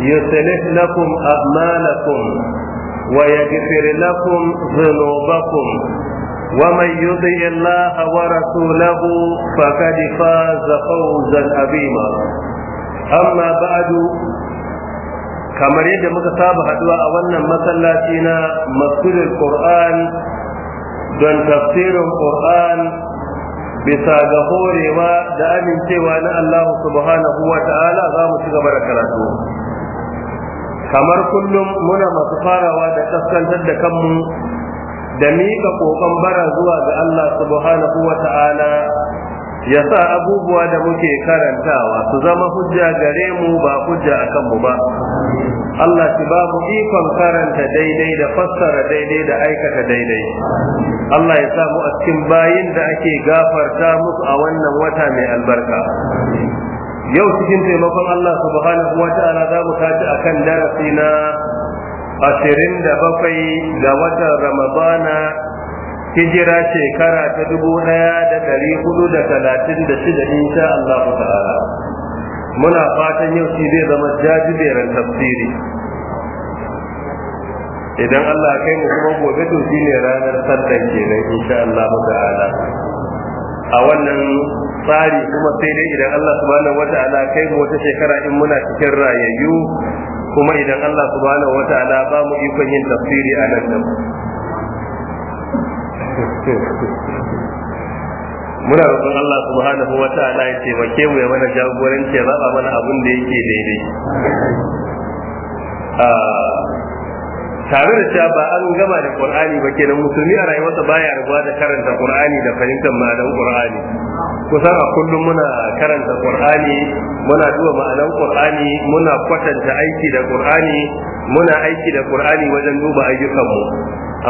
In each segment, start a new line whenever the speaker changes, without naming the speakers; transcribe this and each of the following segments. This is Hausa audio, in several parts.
يصلح لكم أعمالكم ويغفر لكم ذنوبكم ومن يطع الله ورسوله فقد فاز فوزا عظيما أما بعد kamar yadda muka saba haduwa a wannan masallaci na masjidul Qur'an don tafsirin Qur'an bisa ga horewa da amincewa na Allah subhanahu wa ta'ala za mu ci gaba da karatu kamar kullum muna masu farawa da kaskantar da kanmu da miƙa ƙoƙon bara zuwa ga Allah subhanahu wa ta'ala ya sa abubuwa da muke karantawa su zama hujja gare mu ba hujja a kanmu ba Allah shi ba mu ikon karanta daidai da fassara daidai da aikata daidai Allah ya samu a cikin bayin da ake gafarta musu a wannan wata mai albarka yau cikin taimakon Allah subhanahu wa ta'ala za mu tashi akan darasi na ashirin da bakwai ga watan Ramadana hijira shekara ta dubu ɗaya da dari hudu da talatin da shida insha Allah ta'ala muna fatan yau shi zai zama jajiberin tafsiri idan Allah kai mu kuma gobe to shine ranar sallar kenan insha Allah ta'ala a wannan tsari kuma sai dai idan Allah subhanahu wata'ala kai mu wata shekara in muna cikin rayayyu kuma idan Allah subhanahu wata'ala ba mu ikon yin tafsiri a nan nan muna roƙon Allah subhanahu wata'ala ya taimake mu ya mana jagoranci ya zaba mana abin da yake daidai ah, tare da cewa ba an gama da qur'ani ba kenan musulmi a rayuwarsa baya rabuwa da karanta qur'ani da fahimtar ma'anar qur'ani kusan a kullum muna karanta qur'ani muna duba ma'anar qur'ani muna kwatanta aiki da qur'ani muna aiki da qur'ani wajen duba ayyukanmu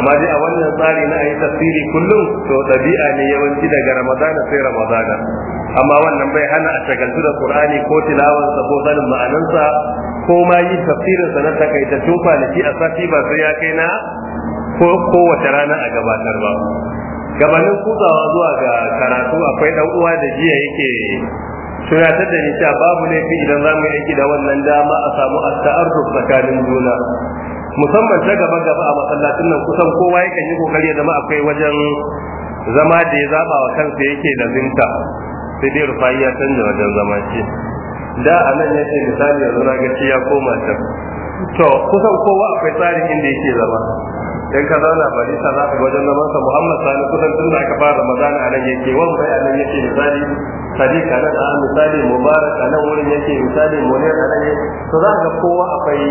amma dai a wannan tsari na ayi tafsiri kullum to dabi'a ne yawanci daga ramadana sai ramadana amma wannan bai hana a shagaltu da qur'ani ko sa ko sanin ma'anarsa ko ma yi tafsirin sa na takaitattun kwanaki a sati ba sai ya kai na ko kowace rana a gabatar ba gabanin kutsawa zuwa ga karatu akwai dan uwa da jiya yake tunatar da ni cewa babu laifi idan za mu yi aiki da wannan dama a samu asta'arruf tsakanin juna musamman ta gaba gaba a masallacin nan kusan kowa yakan yi kokari ya zama akwai wajen zama da ya zaba wa kansa yake da zinta sai dai rufayya ya wajen zama shi da a nan ya ce misali yanzu na gaci ya koma can to kusan kowa akwai tsarin inda yake zama in ka zauna ba sa za ka ga wajen zaman sa Muhammad Sani kusan tun da aka fara Ramadan a nan yake bai a nan yake misali sadi a nan a misali Mubarak a nan wurin yake misali Munir a nan yake to za ka kowa akwai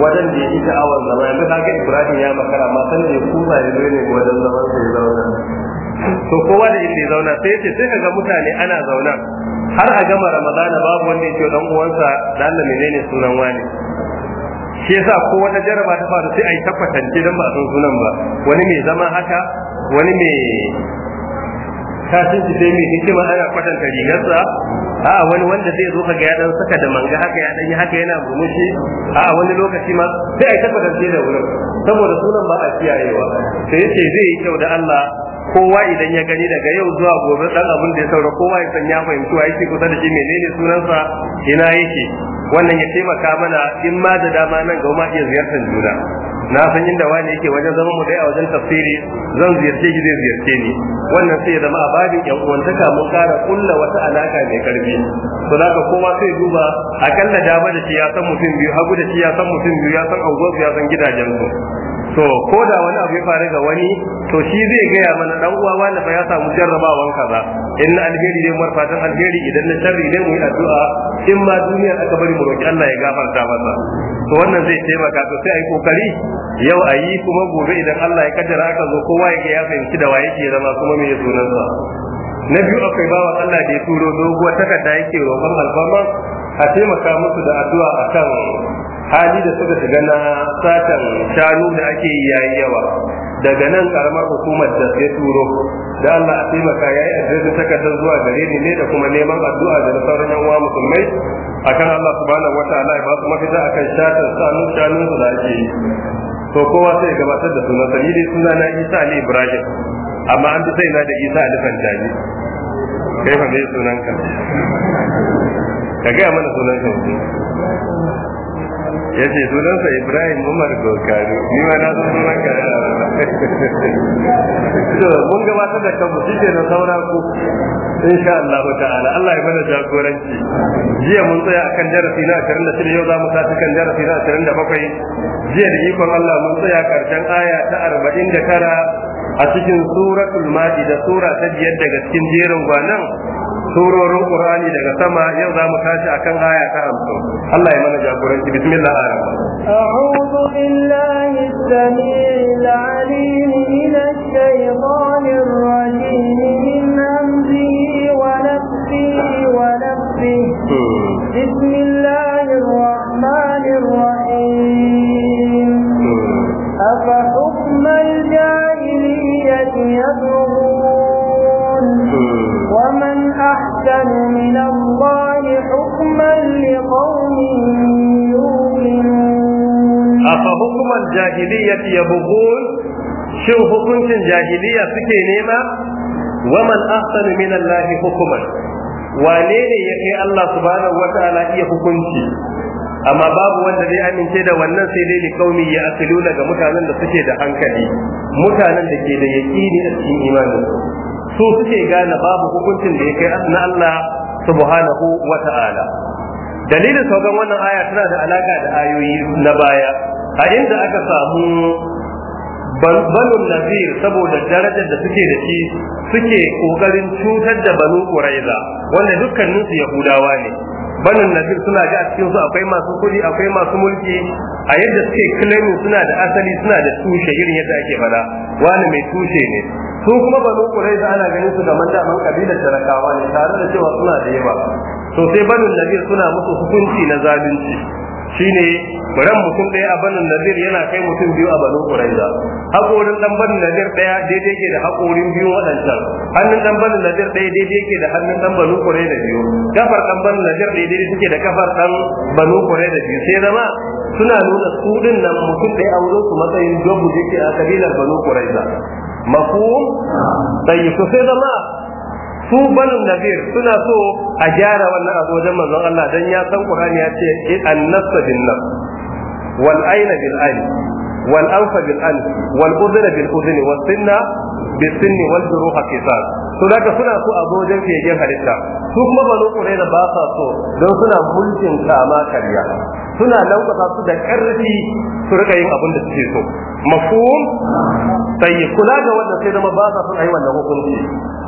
wajen da yake sha'awar zama yanzu ka ga Ibrahim ya makara ma sanin ya kuma ya zo ne wajen zaman sa ya zauna to kowa da inda ya zauna sai ce sai kaga mutane ana zauna har a gama ramadana babu wanda yake dan uwansa dan Allah menene sunan wani shi yasa ko wata jaraba ta faru sai a yi tabbatance dan ba a san sunan ba wani mai zama haka wani mai tashin shi sai mai hikima ana kwatanta rigarsa a wani wanda zai zo kaga ya dan saka da manga haka ya dan yi haka yana burmushi a wani lokaci ma sai a yi tabbatance da wurin saboda sunan ba a kiyayewa sai yace zai yi kyau da Allah kowa idan ya gani daga yau zuwa gobe dan abin da ya saura kowa ya san ya fahimci wa yake kusa da shi menene sunansa ina yake wannan ya taimaka mana in ma da dama nan ga ma iya ziyartar juna na san inda wani yake wajen zama mu dai a wajen tafsiri zan ziyarce shi ziyarce ni wannan sai ya zama a babin yan uwantaka mun kara kulla wata alaka mai karfi to zaka kowa sai duba akalla dama da shi ya san mutum biyu hagu da shi ya san mutum biyu ya san auzo ya san gidajen ku. to ko da wani abu ya faru ga wani to shi zai gaya mana dan uwa wani fa ya samu jarrabawan kaza in na alheri ne mun fatan alheri idan na sharri ne mu yi addu'a in ma duniyar aka bari mu roki Allah ya gafarta masa to wannan zai taimaka to sai ayi kokari yau ayi kuma gobe idan Allah ya kaddara aka zo kowa ya ya fahimci da waye ke zama kuma me sunansa na biyu akwai bawa Allah da ya turo doguwar takarda yake roƙon alfarma a taimaka musu da addu'a akan hali da suka shiga na satan shanu da ake yi yayi yawa daga nan karamar hukumar da ya turo da Allah a taimaka ya yi adresin takardar zuwa gare ni ne da kuma neman addu'a da sauran yan uwa musulmai akan Allah subhanahu wataala ya ba su mafita akan shatan sanu shanu da ake yi to kowa sai gabatar da sunan sani dai suna na Isa Ali Ibrahim amma an sai na da Isa Ali Fantani kai fa me sunan ka ka ga mana sunan ka ya ce sunansa ibrahim umar gokari ni ma na sun sunan ka yana mun gabatar da kanmu shi ke na saura ku insha Allah ta'ala Allah ya mana jagoranci jiya mun tsaya a kan darasi na 26 yau za mu tafi kan darasi na 27 jiya da ikon Allah mun tsaya karshen aya ta 49 a cikin suratul ma'ida sura ta biyar daga cikin jerin gwanan surorin Qur'ani daga sama yau za mu tashi akan aya ta 50 Allah ya mana jagoranci bismillah ala
a'udhu billahi as-sami'il 'alim minash shaytanir rajim min hamzihi wa nafsihi wa nafsihi bismillahir rahmanir rahim afa hukmal jahiliyyati yabghun ومن أحسن من الله حكما لقوم يؤمنون
أفحكم الجاهلية يبغون شو حكم الجاهلية سكي نيمة ومن أحسن من الله حكما wane ne ya kai Allah subhanahu wata'ala iya hukunci amma babu wanda zai amince da wannan sai dai ni kaumi ya asilu daga mutanen da suke da hankali mutanen da ke da yaqini a cikin imanin su su suke gane babu hukuncin da ya na Allah subhanahu wa ta'ala dalilin saukan wannan aya tana da alaka da ayoyi na baya a inda aka samu banun nazir saboda darajar da suke da shi suke kokarin cutar da banu quraiza wanda dukkanin su yahudawa ne Banun nazir suna ga a cikin su akwai masu kudi akwai masu mulki a yadda suke claiming suna da asali suna da tushe irin yadda ake fada wani mai tushe ne su kuma banu da ana ganin su da man da kabilar talakawa ne tare da cewa suna da yawa to sai banin nadir suna musu hukunci na zalunci shine ran mutum ɗaya a banin Nazir yana kai mutum biyu a banu quraiza hakorin dan banin Nazir ɗaya daidai ke da hakorin biyu waɗancan hannun dan banin Nazir ɗaya daidai ke da hannun dan banu da biyu kafar dan banin Nazir ɗaya daidai suke da kafar dan banu da biyu sai zama suna nuna su din nan mutum ɗaya a wurin su matsayin dubu yake a kabilar banu quraiza mafhum tayyib to sai zama su banu nadir suna so a gyara wannan abu wajen manzon Allah dan ya san Qur'ani ya ce nasu bin nas wal ayna bil ayn wal anfa bil anf wal udhna bil udhni was sinna bis sinni wal juruha kisar to daga suna so a wajen fiye halitta su kuma banu da ba sa so don suna mulkin kama karya suna lankwasa su da ƙarfi su rika yin abin da suke so mafhum sai kula da wannan sai zama ba sa son ayi wannan hukunci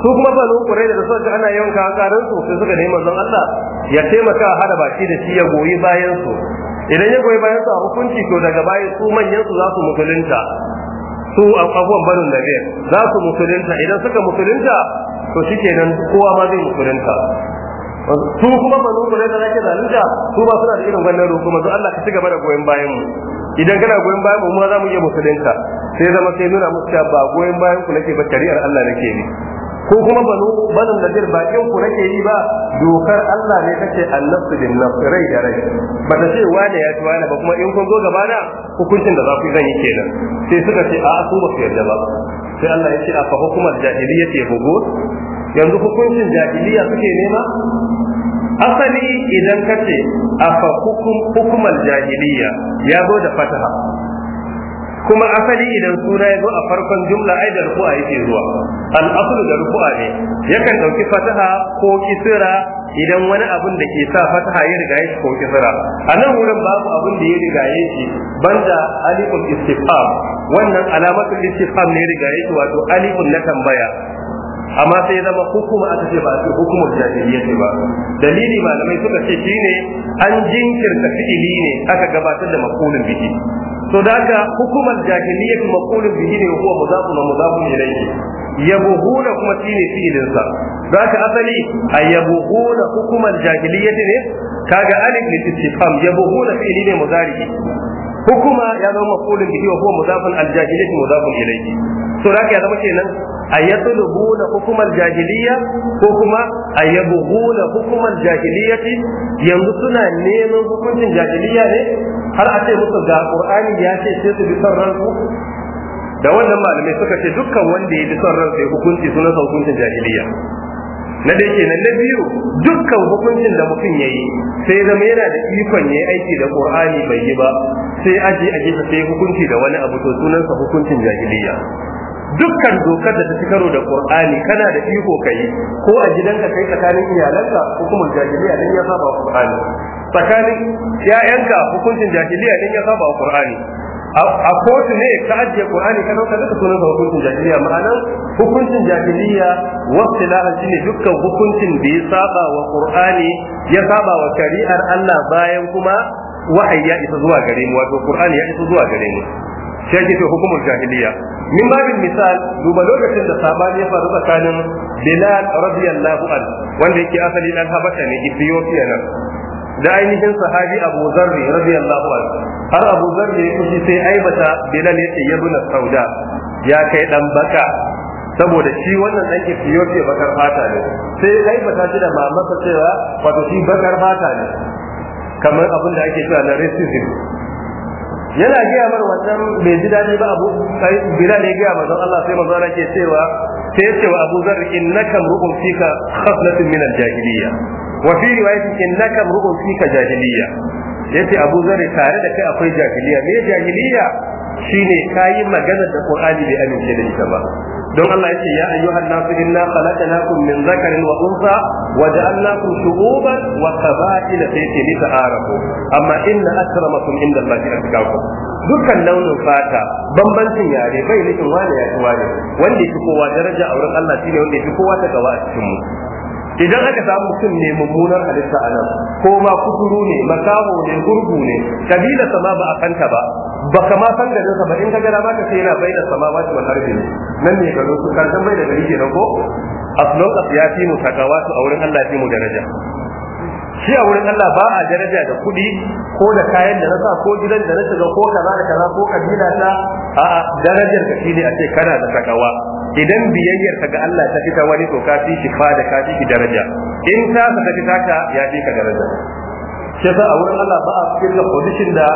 su kuma ba kurai da suka ga ana yawan kakarin su sai suka nemi manzon Allah ya taimaka a hada baki da shi ya goyi bayansu. idan ya goyi bayan su a hukunci to daga baya su manyan su za su musulunta su abubuwan barin da za su musulunta idan suka musulunta to shi kenan kowa ma zai musulunta su kuma banu kure da nake zalunta su ba suna da irin wannan kuma manzo Allah ka ci gaba da goyon bayan mu idan kana goyon bayan mu mu za mu iya musulunta sai zama sai nuna musu cewa ba goyon bayan ku nake ba shari'ar Allah nake ne ko kuma banu banu nadir bakin ku nake yi ba dokar Allah ne kace annafsu bin nafs rai da rai ba ta ce wane ya ci wane ba kuma in kun zo gaba na hukuncin da za ku zan yi kenan sai suka ce a su ba su yarda ba sai Allah ya ce a fa hukumar jahiliyyati hukum yanzu hukuncin jahiliya suke nema asali idan ka ce afa hukumar jahiliya ya zo da fataha kuma asali idan suna ya zo a farkon jumla ai da rufu'a yake zuwa al'asulu da rufu'a ne yakan ɗauki fataha ko kisira idan wani abun da ke sa fataha ya riga shi ko kisira a nan wurin babu abun da ya riga shi banda alifun istifam wannan alamatul istifam ne riga shi wato alifun na tambaya amma sai ya zama hukuma aka ce ba a ce hukumar jahiliya ce ba dalili malamai suka ce shine an jinkirta fi'ili ne aka gabatar da maqulun biki to da haka hukumar jahiliya maqulun biki ne huwa mudafun wa mudafun ilayhi yabuhuna kuma shine fi'ilin sa da ka asali a ayabuhuna hukumar jahiliya ne kaga alif litifam yabuhuna fi'ili ne mudari hukuma ya zama maqulun biki wa huwa mudafun al-jahiliya mudafun ilayhi to raka ya zama kenan ayatlubuna hukumar jahiliya ko kuma hukumar hukumal ce, yanzu suna neman hukuncin jahiliya ne har a ce musu ga qur'ani ya ce sai su bi son ransu da wannan malamai suka ce dukkan wanda ya bi son ransa ya hukunci sunan hukuncin jahiliya na da yake nan na biyu dukkan hukuncin da mutum ya yi sai zama yana da ikon ya yi aiki da qur'ani bai yi ba sai aje a gefe sai hukunci da wani abu to sunansa hukuncin jahiliya dukkan dokar da ta fi karo da qur'ani kana da iko kai ko a gidanka kai tsakanin iyalanka ko kuma jahiliya din ya saba qur'ani tsakanin ƴaƴanka hukuncin jahiliya din ya saba qur'ani a kotu ne ka ajiye qur'ani ka duka sunan hukuncin jahiliya ma'anan hukuncin jahiliya wasilahan shine dukkan hukuncin da ya saba wa qur'ani ya saba wa shari'ar Allah bayan kuma wahayi ya isa zuwa gare mu wato qur'ani ya isa zuwa gare mu shi ke hukumar jahiliya min babin misal duba lokacin da sabani ya faru tsakanin bilal radiyallahu an wanda yake asali dan habasha ne ethiopia nan da ainihin sahabi abu zarri radiyallahu an har abu zarri ya kusi sai aibata bilal ya ce yabuna sauda ya kai dan baka saboda shi wannan dan ethiopia bakar fata ne sai aibata shi da mamaka cewa wato shi bakar fata ne kamar abin da ake cewa na racism yana gaya mana wannan bai ji daɗi ba abu sai bilal ya gaya manzon Allah sai manzon ke cewa sai ya ce wa Abu Zar innaka mru'un fika khaflatun min al jahiliya wa fi riwayatin innaka mru'un fika jahiliya yace Abu Zar tare da kai akwai jahiliya me jahiliya shine kayi magana da Qur'ani bai amince da ita ba don Allah yace ya ayyuhan nasu inna khalaqnakum min dhakarin wa untha wa ja'alnakum shu'uban wa qaba'ila fi lita'arafu amma inna akramakum inda Allah atqakum dukkan launin fata bambancin yare bai nufin wani ya ci wani wanda yake kowa daraja a wurin Allah shine wanda yake kowa ta gaba a cikin mu idan aka samu mutum ne mummunar halitta a nan ko ma kuturu ne makaho ne gurgu ne kabila sama ba a kanta ba ba kama san garin sa ba in ka gara ma ka sai yana bai da sama ba wal harbi nan ne garo su karshen bai da gari kenan ko aslon as ya fi mu takawa su a wurin Allah fi mu daraja shi a wurin Allah ba a daraja da kuɗi ko da kayan da na sa ko gidan da na shiga ko kaza da kaza ko kabila ta a darajar ka shine a ce kana da takawa idan biyayyar ka ga Allah ta fita wani to ka fi shi da ka fi daraja in ta sa ta fita taka ya fi ka daraja sai a wurin Allah ba a cikin da position da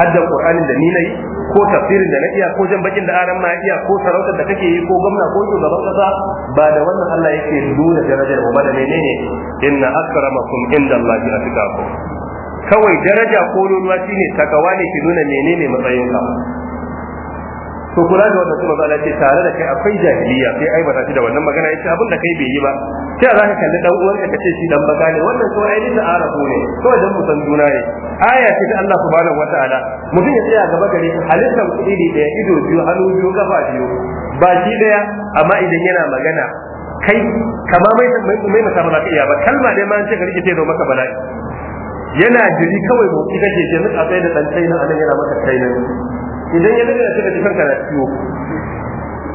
hadda Qur'anin da ni nayi ko tafsirin da na iya ko jan bakin da aran ma ko sarautar da kake yi ko gwamna ko shugaban kasa ba da wannan Allah yake nuna darajar mu da menene inna akramakum indallahi atqakum kawai daraja ko ruwa shine takawa ne ki nuna menene matsayin ka to kula da wannan kuma ce tare da kai akwai jahiliya sai ai ba shi da wannan magana yace abin da kai bai yi ba sai za ka kalli dan uwanka kace shi dan baka ne wannan to ai din arabu ne to dan musan juna ne aya ce ta Allah subhanahu wataala mutum ya tsaya gaba gare halittar kuɗi ne da ido biyu hannu biyu kafa biyu baki daya amma idan yana magana kai kama mai mai masa ba ka iya ba kalma dai ma an ce gari rike sai maka bala'i yana jiri kawai mu kike ce ke a tsaye da dan tsaina anan yana maka tsaina idan ya daga da ka ji kanka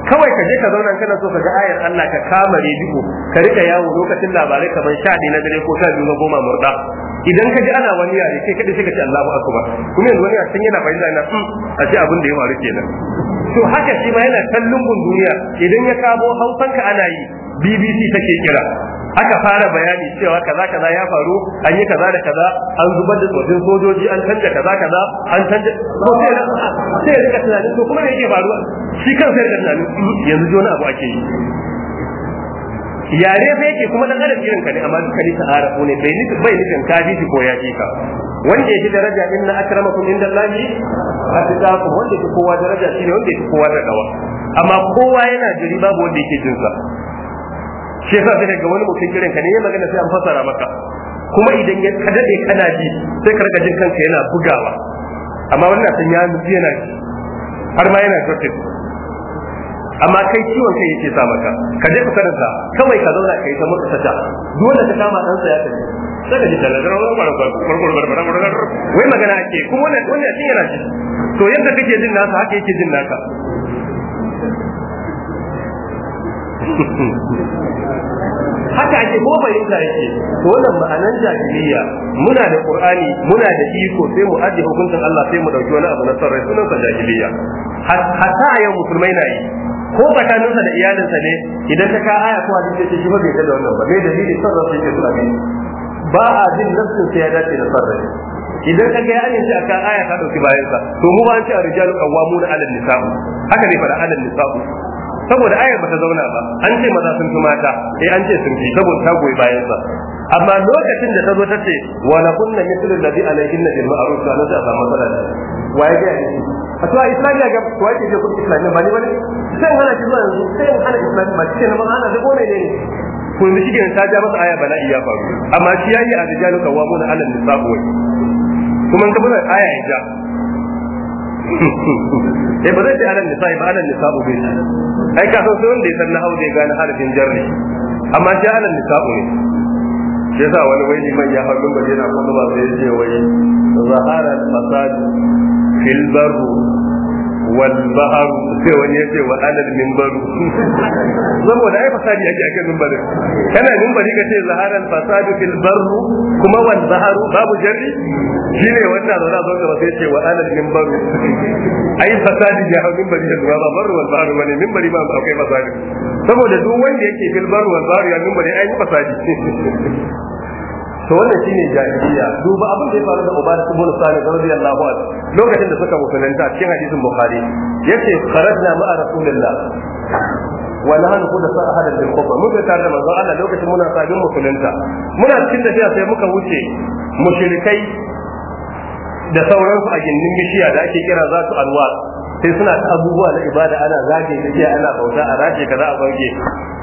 kawai ka je ka zauna kana so ka ga ayar Allah ka kama rediyo ka rika yawo lokacin labarai kamar sha na dare ko sha biyu na goma murda idan ka ji ana wani yare sai kaɗai sai ka ce Allahu akbar kuma yanzu wani a can yana bayyana na hmm, a ce abin da ya faru kenan to haka shi ma yana kan lungun duniya idan ya kamo hausanka ana yi bbc take kira aka fara bayani cewa kaza kaza ya faru an yi kaza da kaza an zubar da tsofin sojoji an canja kaza kaza an canja to sai sai ya rika tunanin to kuma me yake faruwa shi kansa ya da tunanin yanzu jona abu ake yi yare fa yake kuma dan adam irin ka ne amma duka ni arabu ne bai nufin bai nufin ka ji ko ya ji ka wanda yake daraja inna akramakum indallahi atqakum wanda yake kowa daraja shi ne wanda yake kowa da dawa amma kowa yana jiri babu wanda yake jin sa shi yasa sai ga wani mutum kiran ka ne yayin magana sai an fasara maka kuma idan ya kadade kana ji sai ka rika jin kanka yana bugawa amma wannan sun ya nufi yana ji har ma yana shortage amma kai ciwon kai yake sa maka ka je ka karanta kawai ka zauna kai ta mutu ta dole ka kama dan sa ya tafi sai ka ji talagar wai magana ake kuma wannan wannan shi yana shi. to yadda kake jin nasa haka yake jin naka haka ake ko fahimta yake to wannan ma'anar jahiliya muna da qur'ani muna da iko sai mu ajiye hukuncin Allah sai mu dauki wani abu na sarrai sunan sa jahiliya hatta yau musulmai na yi ko tsakaninsa da iyalinsa ne idan ta ka aya ko hadisi ce shi ba bai da wannan ba bai dalili sarra sai ke tsabi ba a jin nafsin sai ya dace da sarra idan ka yi shi a kan aya ka dauki bayan sa to mu ba an ce a rijalu qawwamuna da alal nisaa haka ne fara alal an-nisaa saboda ayar bata zauna ba an ce maza sun fi mata eh an ce sun fi saboda ta goyi bayan sa amma lokacin da ta zo ta ce wa la kunna mithlu alladhi alayhi bil ma'ruf kana ta samu matsala waye ga yi a to islamiya ga waye ke je kuma islamiya ba ne ba ne sai hana shi zuwa yanzu sai hana islamiya ba shi ne ma hana da gome ne ko yanzu shi ta ja masa aya bala'i ya faru amma shi ya yi a rijalu qawwamuna 'ala nisa wai kuma in ka bada aya ya ja eh ba zai ce alal nisa ba alal nisa ba bai ai ka san sai wanda ya san na hauje gane harafin jarri amma sai alal nisa ne yasa wani wai man ya haɗu ba yana kuma ba sai ya ce wai zaharar fasadu fil barru wal ba'ar sai wani yace wa alal minbar saboda ai fasadi ake akan minbarin kana minbari ka ce zaharan fasadu fil kuma wal babu jarri shine wanda zaura zo gaba sai ce wa alal minbar ai fasadi ya hau minbari da ba barru wal baharu wani minbari ba akwai fasadi saboda duk wanda yake fil baharu ya minbari ai fasadi to wannan shine jahiliya duba abin da ya faru da Ubad ibn Salih radiyallahu anhu lokacin da suka musulunta cikin hadisin Bukhari yace kharajna ma'a rasulillah wa nahnu kuda sa ahadan bil khutba Mun tare da manzon Allah lokacin muna sabin musulunta muna cikin tafiya sai muka wuce mushrikai da sauransu a gindin bishiya da ake kira zatu anwar sai suna ta abubuwa na ibada ana zage tafiya ana bauta a rage kaza a bange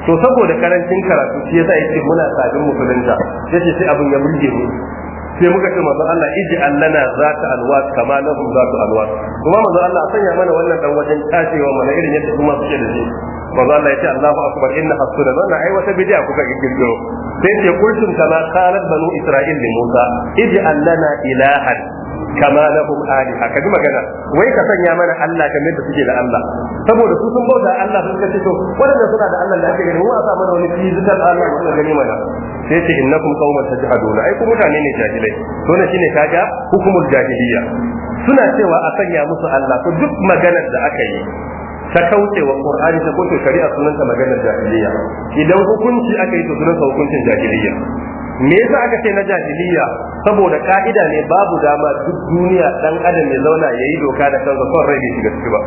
to saboda karancin karatu shi yasa yake muna sabin musulunta yace sai abin ya burge mu sai muka ce manzon Allah iji allana za ta alwat kama lahum za ta alwat kuma manzon Allah sanya mana wannan dan wajen tacewa mana irin yadda kuma suke da shi manzon Allah ya ce Allahu akbar inna hasuna wannan ai wata bid'a kuka kirkiro sai ce kultum kama qalat banu isra'il li Musa iji allana ilahan kama lahum aliha ji magana wai ka sanya mana Allah kamar da suke da Allah saboda su sun bauta Allah sun kace to wanda suna da Allah da ake gani mu a sa mana wani physical Allah wanda gani mana sai ce innakum qauman tajhaduna ai ku mutane ne jahilai to ne shine kaga hukumul jahiliya suna cewa a sanya musu Allah to duk maganar da aka yi ta kauce wa qur'ani ta kauce shari'a sunanta maganar jahiliya idan hukunci aka yi to sunanta hukuncin jahiliya me yasa aka ce na jahiliya saboda ka'ida ne babu dama duk duniya dan adam ya zauna yayi doka da kansa son rai bai shiga ciki ba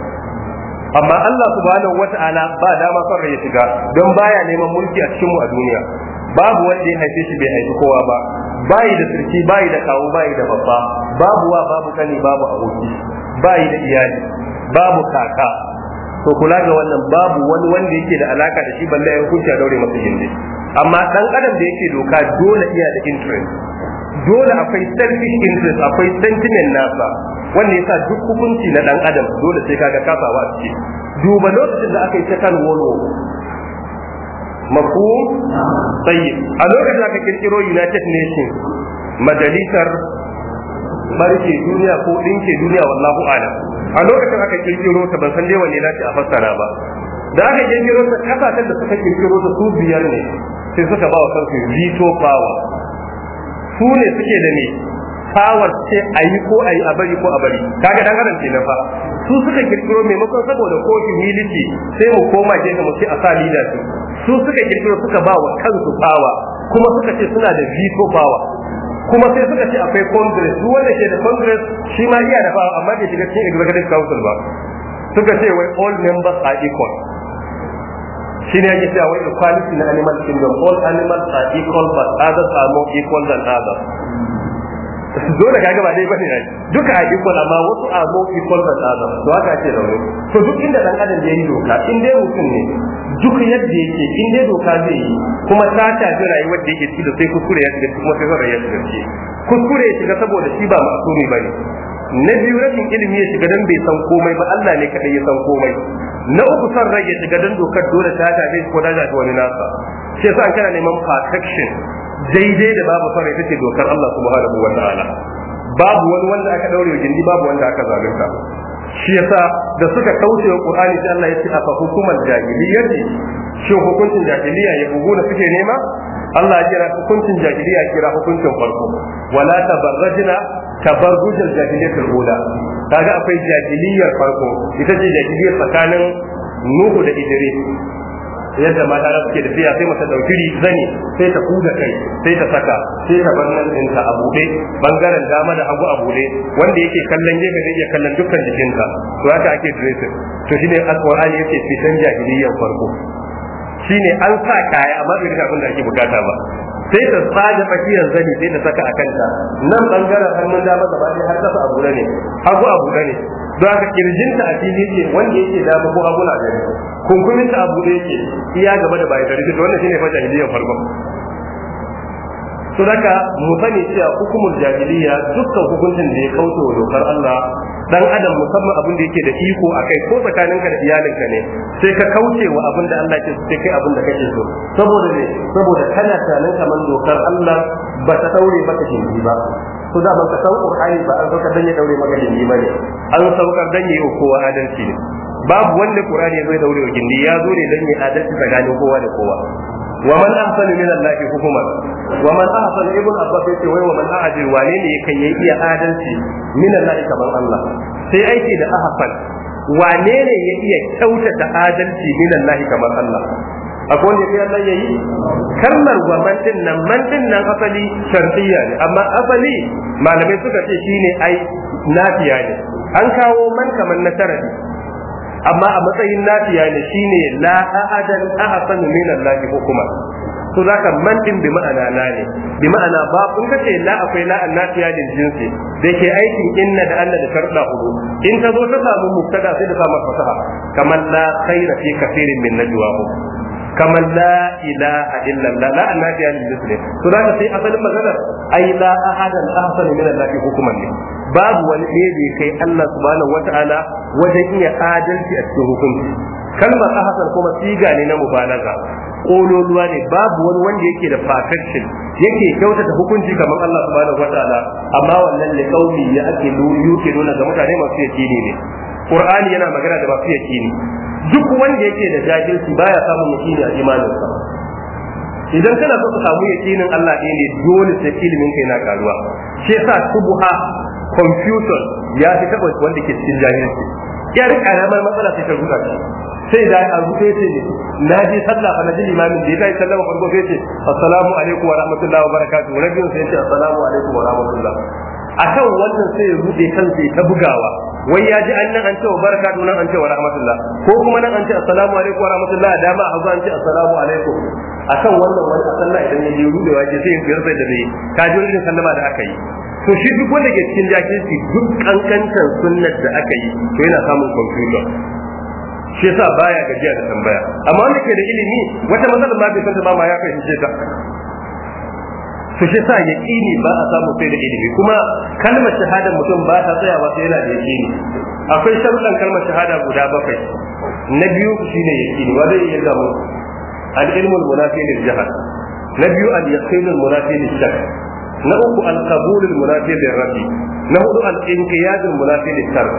amma Allah subhanahu wata'ala ba dama son rai ya shiga don baya neman mulki a cikin mu a duniya babu wanda ya haife shi bai haifi kowa ba bayi da sirki bayi da kawo bayi da babba babu wa babu kani babu aboki bayi da iyali babu kaka to kula ga wannan babu wani wanda yake da alaka da shi balle ya hukunci a daure masa gindi amma dan adam da yake doka dole iya da interest dole akwai selfish interest akwai sentiment nasa wanda yasa duk hukunci na dan adam dole sai kaga kasawa a ciki duba lokacin da aka yi second world war mafhum a lokacin da aka kirkiro united nations majalisar barke duniya ko dinke duniya wallahu a'lam a lokacin aka kirkiro ta ban san dai wanne lati a fassara ba da aka kirkiro ta kasashen da suka kirkiro ta su biyar ne sai suka ba wa kansu veto power su ne suke da ne power ce a yi ko a yi a bari ko a bari kaga dan adam na fa su suka kirkiro maimakon saboda ko humility sai mu koma ka mu ce a sa leadership su suka kirkiro suka ba wa kansu power kuma suka ce suna da veto power kuma sai suka ce akwai congress duk wanda ke da congress shi ma iya da fara amma bai shiga cikin executive council ba suka ce wai all members are equal shi ne yake cewa wai equality na animal kingdom all animals are equal but others are more equal than others dole kaga ba dai bane ne duka a iko amma wasu a mo equal ba tsada to haka ce da wani to duk inda dan adam yayi doka in dai mutum ne duk yadda yake in dai doka zai yi kuma ta tafi rayuwar da yake ci da sai kuskure ya shiga kuma sai zai ya shiga shi. kuskure ya shiga saboda shi ba masumi bane na biyu rashin ilimi ya shiga dan bai san komai ba Allah ne kadai ya san komai na uku son rage shiga dan dokar dole ta ta bai ko da wani nasa sai sa kana neman perfection daidai da babu fara ita ce dokar Allah subhanahu wa ta'ala babu wani wanda aka daure wa gindi babu wanda aka zalunta shi yasa da suka kauce wa Qur'ani sai Allah ya ce afa hukumar jahiliyya ne shi hukuncin jahiliyya ya bugu da suke nema Allah ya kira hukuncin jahiliyya kira hukuncin farko wala tabarrajna tabarrujal jahiliyatul ula kaga akwai jahiliyyar farko ita ce jahiliyyar tsakanin Nuhu da Idris yadda mata na suke tafiya sai mata dauki zani sai ta kuda kai sai ta saka sai ta bar nan ɗinta a buɗe bangaren dama da hagu a buɗe wanda yake kallon gefe zai iya kallon dukkan jikinta to haka ake dressing to shine alqur'ani yake fitan jahiliyyar farko shine an sa kaya amma bai rika abin da ake bukata ba sai ta tsaje tsakiyar zani sai ta saka a kanta nan bangaren hannun dama gaba ɗaya har kasa abu ne hagu abu ne don haka kirjinta a fili yake wanda yake dama ko hagu na gari kunkuminta abu ne yake iya gaba da bayan gari to wannan shine fa jahiliyyar farko su daga mu sani cewa hukumar jahiliya dukkan hukuncin da ya kauce wa dokar Allah dan adam musamman abin da yake da iko akai ko ka da iyalinka ne sai ka kauce wa abin da Allah ke sai kai abin da kake so saboda ne saboda kana tunanin kamar dokar Allah ba ta daure maka jinji ba to da ban ka san Qur'ani ba an saukar danye daure maka jini ba ne an saukar danye ya yi kowa adalci ne babu wanda Qur'ani ya zo daure wa ya zo ne dan ya adalci tsakanin kowa da kowa wa man ahsanu min allahi hukuma wa man ahsanu ibn abbas yace wai wa man ahadi wane ne yake yayi iya adalci min allahi kamar allah sai aiki da ahsan wane ne ya iya kyautata adalci min allahi kamar allah akwai wanda ya Allah yayi kalmar wa man din nan man din nan asali shartiyya ne amma asali malamai suka ce shine ai nafiya ne an kawo man kamar na sharadi amma a matsayin nafiya ne shine la ahadan ahsanu min Allah hukuma to zaka man din bi ma'ana na ne bi ma'ana ba kun kace la akwai la annafiya din jinsi da ke aikin inna da Allah da karda hudu in ta zo ta samu mubtada sai ta samu fasaha kamar la khaira fi kaseerin min najwahu kamar la ilaha Allah la annafiya din jinsi to zaka sai asalin maganar ai la ahadan ahsanu min Allah hukuma ne babu wani ɗaya da kai Allah subhanahu wata'ala wajen iya adalci a cikin hukunci kalmar ahsan kuma siga ne na mubalaga kololuwa ne babu wani wanda yake da perfection yake kyautata hukunci kamar Allah subhanahu wata'ala amma wannan ne kauli ya ake yuke nuna ga mutane masu yakini ne Qur'ani yana magana da masu yakini duk wanda yake da jahilci baya samun yakini a imaninsa idan kana so ka samu yakinin Allah ne dole sai ilimin kai na karuwa shi yasa subha confusion ya fi taba wanda ke cikin jahilci yar karamar matsala sai ta ruka sai da a rufe ce ne na ji sallah fa na ji limamin da ya yi sallama farko sai ce assalamu alaikum wa rahmatullahi wa barakatuh rabbiyun sai ce assalamu alaikum wa rahmatullah akan wannan sai ya kan kansa ta bugawa wai ya ji an nan an ce wa baraka nan an ce wa rahmatullah ko kuma nan an ce assalamu alaikum wa rahmatullah da ma a an ce assalamu alaikum akan wannan wani sallah idan ya yi rubewa ke sai yin sai da bai ka ji wani sallama da aka yi to shi duk wanda ke cikin jahilci duk kankantar sunnar da aka yi to yana samun confusion shi yasa baya gajiya da tambaya amma wanda ke da ilimi wata matsalar ma bai san ta ba ma ya kai shi ta to shi sa yaqini ba a samu sai da ilimi kuma kalmar shahada mutum ba ta tsayawa sai yana da yaqini akwai sharuɗan kalmar shahada guda bakwai na biyu shine yaqini wa zai iya gamu al-ilmu al-munafi lil jahal na biyu al-yaqin al-munafi lil shak na uku al-qabul al-munafi lil rafi na hudu al-inqiyad al-munafi lil tark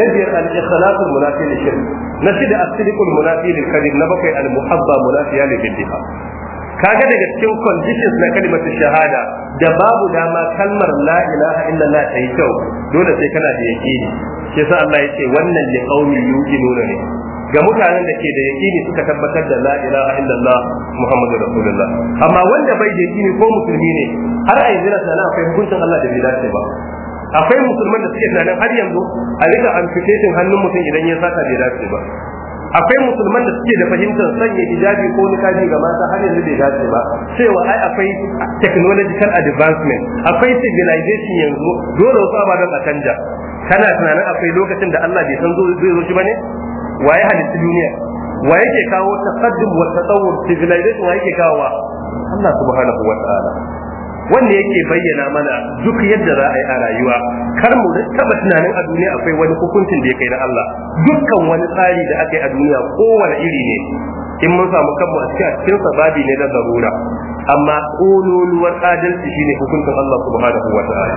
na biyar al-ikhlas al-munafi lil shirk na shida al-sidq al-munafi kadhib na bakwai al-muhabba munafiya lil bid'ah kaga daga cikin conditions na kalmar shahada da babu dama kalmar la ilaha la ta yi kyau dole sai kana da yaqini shi yasa Allah ya ce wannan li qaumi yuqinuna ne ga mutanen da ke da yaqini suka tabbatar da la ilaha illallah muhammadu rasulullah amma wanda bai da yaqini ko musulmi ne har a yanzu na akwai hukuncin Allah da bai dace ba akwai musulman da suke tunanin har yanzu a rika amputation hannun mutum idan ya saka bai dace ba akwai musulman da suke da fahimtar sanya hijabi ko nikabi ga mata har yanzu bai dace ba cewa ai akwai technological advancement akwai civilization yanzu dole wasu don a canja kana tunanin akwai lokacin da Allah bai san zai zo shi bane waye halittu duniya wa ke kawo tasaddum wa tasawwur civilization wa ke kawo Allah subhanahu wa ta'ala wanda yake bayyana mana duk yadda za a yi a rayuwa kar mu taba tunanin a duniya akwai wani hukuncin da ya kai na Allah dukkan wani tsari da aka yi a duniya kowane iri ne in mun samu kanmu a cikin cikin sababi ne na zarura amma kololuwar adalci shine hukuncin Allah subhanahu wa ta'ala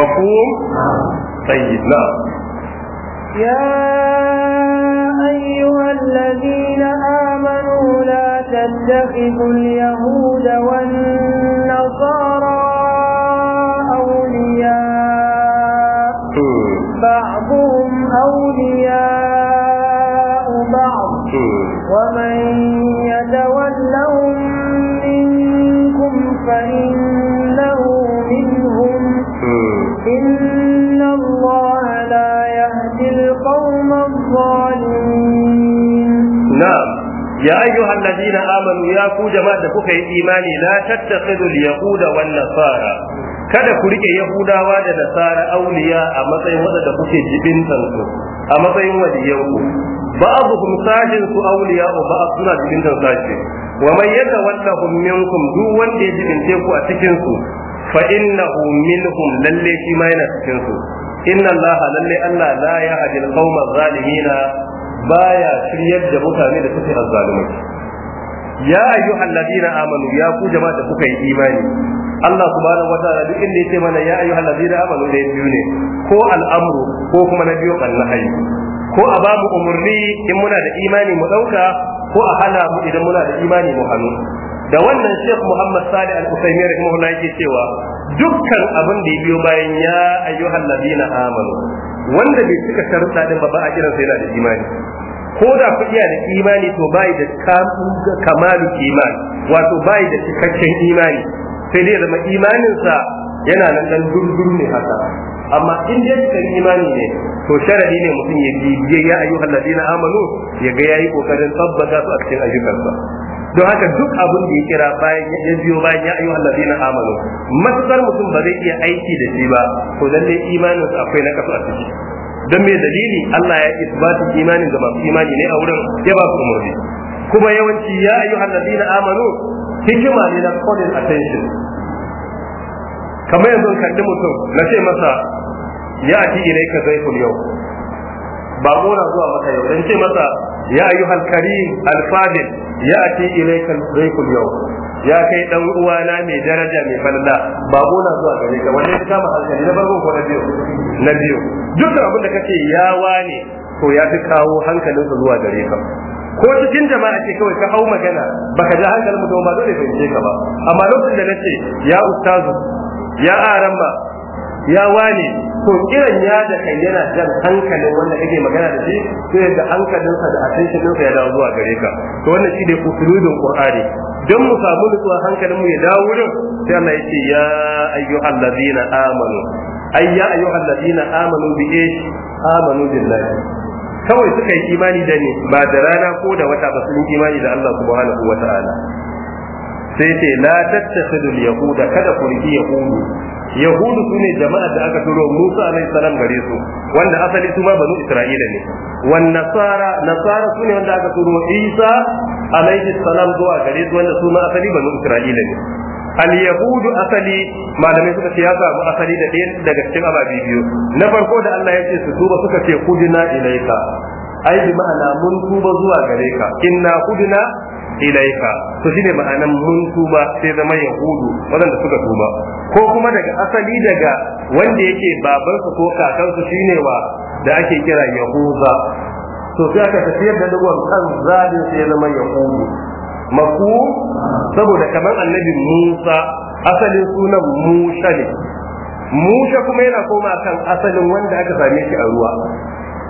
mafhum tayyib na
ya أيها الذين آمنوا لا تتخذوا اليهود والنصارى أولياء بعضهم أولياء بعض hmm. ومن يتولهم
ya ayyuha alladhina amanu ya ku jama'a da kuka yi imani la tattakhidhu al-yahuda wan nasara kada ku rike yahudawa da nasara auliya a matsayin wadanda kuke jibintan su a matsayin abu ba'dhum sajin su auliya wa ba'd suna jibintan sashi wa man kun minkum duk wanda ya jibinte ku a cikin su fa innahu minhum lalle shi ma yana cikin su inna allaha lalle allah la ya hadil qawma zalimina baya shiryar da mutane da suke azzalumai ya ayyuhal alladina amanu ya ku jama'a da kuka yi imani Allah subhanahu wataala duk inda yake mana ya ayyuhal alladina amanu da biyu ne ko al'amru ko kuma na biyo kan nahayi ko a ba mu umurni in muna da imani mu dauka ko a hana mu idan muna da imani mu hannu da wannan Sheikh Muhammad Salih Al-Utsaimi rahimahullah yake cewa dukkan abin da ya biyo bayan ya ayyuhal alladina amanu wanda bai cika sharuɗa ɗin ba ba a kiran sai yana da imani ko da ku iya da imani to bai da kamalu imani wato bai da cikakken imani sai dai zama imaninsa yana nan dan durdur ne haka amma in dai cikin imani ne to sharadi ne mutum ya bibiye ya ayyuhal ladina amanu ya ga yayi kokarin tabbata su a cikin ayyukansa don haka duk abin da ya kira bayan ya biyo bayan ya ayyuhal ladina amanu matsar mutum ba zai iya aiki da shi ba to lalle imanin akwai na kasu ciki don me dalili Allah ya isbatu imanin ga masu imani ne a wurin ya ba su umarni kuma yawanci ya ayyuhal ladina amanu hikima ne na calling attention kamar yanzu kan mutum na ce masa ya ati ka zaiful yau ba muna zuwa maka yau dan ce masa ya ayyuhal karim al fadil ya'ti ilayka al yau ya kai dan uwana mai daraja mai falala ba muna zuwa gare ka wanda ya kama hankali na farko ko na biyu na biyu dukkan abin da kace ya wane to ya fi kawo hankalin su zuwa gare ka ko cikin jama'a ce kawai ka hau magana baka ja hankalin mutum ba dole fahimce ka ba amma lokacin da nace ya ustazu ya aramba. ya wane to kiran ya da kai yana jan hankalin wanda kake magana da shi to yadda hankalinsa da attention ɗinsa ya dawo zuwa gare ka to wannan shi ne usulubin qur'ani don mu samu nutsuwa hankalin mu ya dawo wurin sai Allah ya ce ya ayyuhal ladina amanu ay ya ayyuhal ladina amanu bi ish eh, amanu billahi kawai suka yi imani da ni ba da rana ko da wata ba sun imani da Allah subhanahu wataala sai ce la tattakhidul yahuda kada ku riki yahudu yahudu su ne jama'a da aka turo musa alaihi salam gare su wanda asali su ma banu isra'ila ne wan nasara nasara su ne wanda aka turo isa alaihi salam zuwa gare su wanda su ma asali banu isra'ila ne al yahudu asali malamai suka ce ya samu asali da ɗaya daga cikin ababi biyu na farko da Allah ya ce su tuba suka ce kudina ilaika ai bi ma'ana mun tuba zuwa gare ka inna kudina ilaika to shine ma'anan mun tuba sai zama yahudu wadanda suka tuba ko kuma daga asali daga wanda yake su ko kakansa shine wa da ake kira yahuza to sai aka tafiyar da dukkan kan zalin sai zama yahudu maku saboda kamar annabi Musa asalin sunan Musa ne Musa kuma yana koma kan asalin wanda aka same shi a ruwa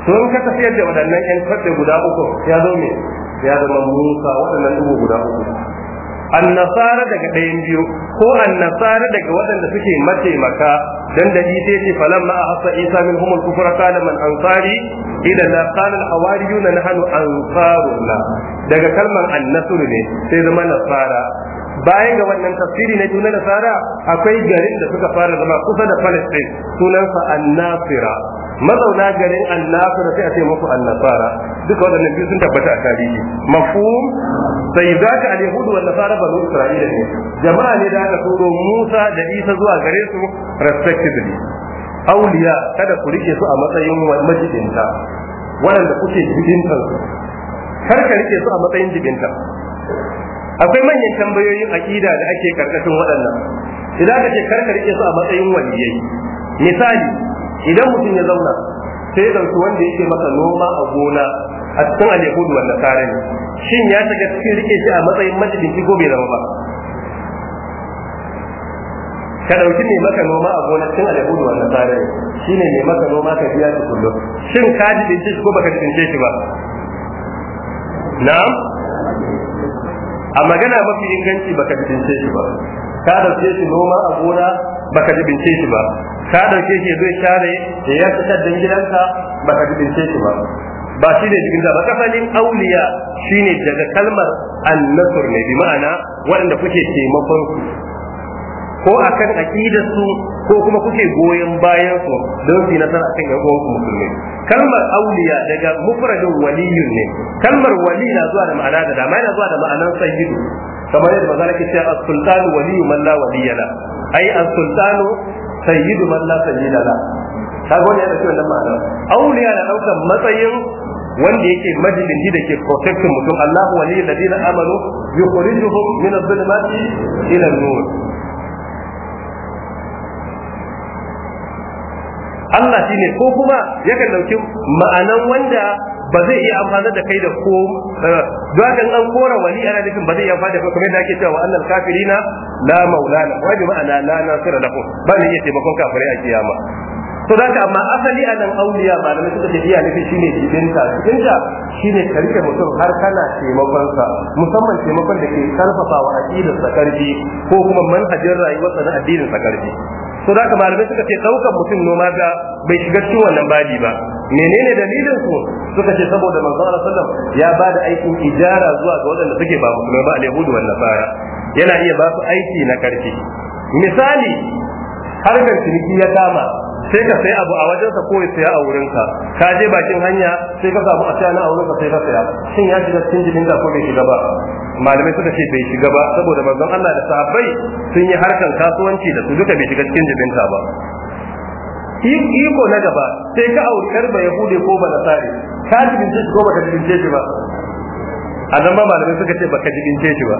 to in ka tafiyar da waɗannan ƴan kwadda guda uku ya zo ne ya zama musa waɗannan dubu guda uku annasara daga ɗayan biyu ko annasara daga waɗanda suke mataimaka dan da ita ce falan ma ahsa isa min humul kufra kana man ansari ila la qala al hawariyun nahnu ansarullah daga kalmar annasru ne sai zama nasara bayan ga wannan tafsiri na juna nasara akwai garin da suka fara zama kusa da palestine sunansa annasira mazauna garin annasar sai a ce musu annasara duka waɗannan biyu sun tabbata a tarihi mafhum sai za ka alyahudu wa nasara banu isra'ila ne jama'a ne da aka turo musa da isa zuwa gare su respectively auliya kada ku rike su a matsayin majibinta waɗanda kuke jibinta kar ka rike su a matsayin jibinta akwai manyan tambayoyin aƙida da ake karkashin waɗannan idan ka ce kar ka rike su a matsayin waliyai misali idan mutum ya zauna sai ya dauki wanda yake masa noma a gona a cikin alyahudu wanda tare ne shin ya shiga cikin rike shi a matsayin majalisi ko bai zama ba ka dauki ne maka noma a gona cikin alyahudu wanda tare ne shine ne maka noma ka biya shi kullum shin ka jibince shi ko baka jibince shi ba na'am a magana mafi inganci baka jibince shi ba ka dauke shi noma a gona baka jibince shi ba ka dauke shi zai share da ya fita da gidanka ba ka dince shi ba ba shi ne cikin da ba kasalin auliya shine daga kalmar annasur ne bi ma'ana waɗanda kuke taimakon su ko akan aqidar su ko kuma kuke goyon bayan su don su nasara akan yan uwan musulmi kalmar auliya daga mufradin waliyun ne kalmar wali na zuwa da ma'ana da dama yana zuwa da ma'anan sayyidu kamar yadda magana ke cewa as-sultanu waliyyu man la waliyala ai as-sultanu sayyidu man la sayyida la kaga wannan yana cewa ma'ana auliya na daukar matsayin wanda yake majalisi da ke protect mutum Allahu waliyul ladina amanu yukhrijuhum min adh-dhulumati ila an-nur Allah shine ko kuma yakan dauki ma'anan wanda ba zai iya amfana da kai da ko eh, dokan an kora wali ana nufin ba zai iya amfana da kai kamar da ake cewa annal kafirina la maulana wa bi ma'ana la nasira lahum ba ne yake kon kafirai a kiyama to da amma asali a nan auliya ba da suka tafiya nufin shine jibinta jibinta shine ka rike mutum har kana taimakon musamman taimakon da ke karfafa wa aqidar sa ko kuma manhajin rayuwarsa na addinin sa to da malamai suka ce daukan mutum noma ga bai shiga cikin wannan badi ba menene dalilin su suka ce saboda manzo Allah sallam ya ba da aikin ijara zuwa ga waɗanda suke ba mu ba al-yahudu nasara yana iya ba su aiki na karfi misali harkar ciniki ya kama sai ka sai abu a wajensa ko ya saya a wurinka ka je bakin hanya sai ka samu a saya na wurin wurinka sai ka saya shin ya shiga cikin jibin da ko bai shiga ba malamai suka ce bai shiga ba saboda manzon Allah da sahabbai sun yi harkan kasuwanci da su duka bai shiga cikin jibinta ba iko na gaba sai ka auri kar ba yahude ko ba nasari ka jibince shi ko baka jibince shi ba a nan ba malamai suka ce baka jibince shi ba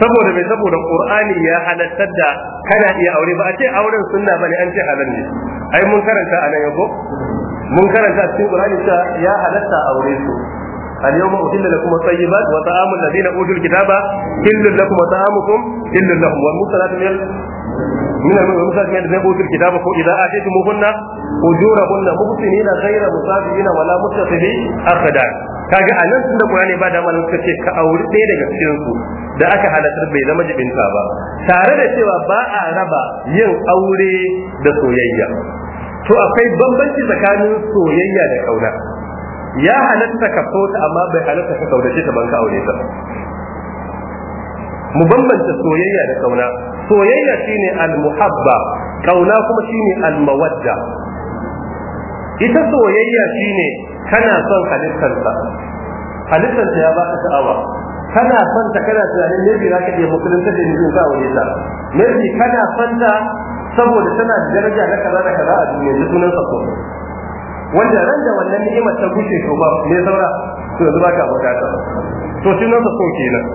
saboda mai saboda qur'ani ya halattar da kana iya aure ba a ce auren sunna bane an ce halal ne ai mun karanta a nan yabo mun karanta cikin qur'ani ta ya halatta aure su اليوم أحل لكم الطيبات وطعام الذين أوتوا الكتاب حل لكم وطعامكم حل لهم wa من من الممسات من ذنبه في الكتاب فإذا آتيتموهن أجورهن مبسمين غير مصابين ولا متصلين أخدان kaga a nan tunda Qur'ani ba da malamin suka ce ka daga da aka halatar bai zama jibinta ba tare da cewa ba a raba yin aure da soyayya to akwai bambanci tsakanin soyayya da kauna ya halatta ka so ta amma bai halatta ka kaudace ta banka ka aure ta mu bambanta soyayya da kauna soyayya shine al-muhabba kauna kuma shine al-mawadda ita soyayya shine kana son halittarsa halittarsa ya ba baka sha'awa kana son ta kana tunanin maybe za ka iya musulunta da yanzu ka aure ta maybe kana son ta saboda tana da daraja na kaza da kaza a duniya da sunan sa wanda ran da wannan ni'imar ta gushe to ba me saura to yanzu ba ka bukata to sunan sa so kenan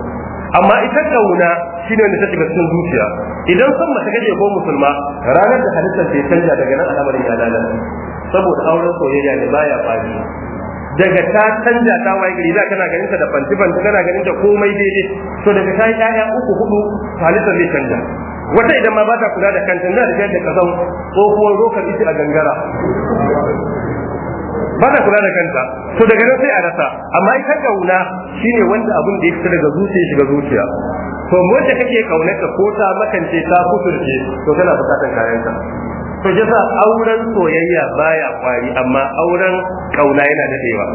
amma ita kauna shine wanda ta shiga cikin zuciya idan san mace kaje ko musulma ranar da halittar ta canja daga nan al'amarin ya lalata saboda auren soyayya ne baya fadi daga ta canja ta waye gari za kana ganin ta da fanti fanti kana ganin ta komai daidai to daga ta yaya uku hudu halittar zai canja wata idan ma ba ta kula da kanta na da yadda ka tsohuwar rokar ita a gangara ba ta kula da kanta to daga nan sai a rasa amma ita kauna shine wanda abin da ya fita daga zuciya shiga zuciya to mu da kake kaunarka ko ta makance ta kufurce to kana bukatar ka. to yasa auren soyayya baya kwari amma auren kauna yana da dadewa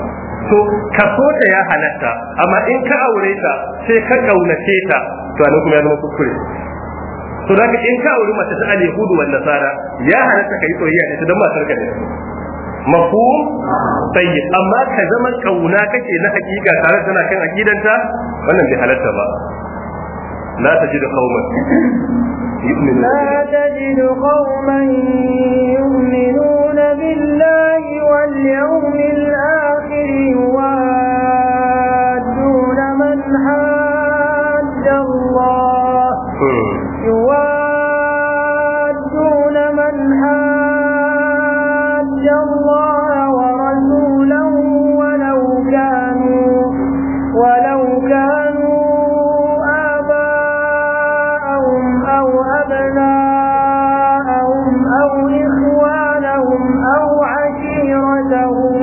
to ka so ta ya halatta amma in ka aure ta sai ka kaunace ta to anan kuma ya zama kuskure to da in ka aure mace ta alihudu wa nasara ya halatta kai soyayya da ita don matar ka ne mafu sai amma ka zama kauna kake na hakika tare tana kan akidanta wannan bai halatta ba لا تجد قوما لا
تجد قوما يؤمنون بالله واليوم الآخر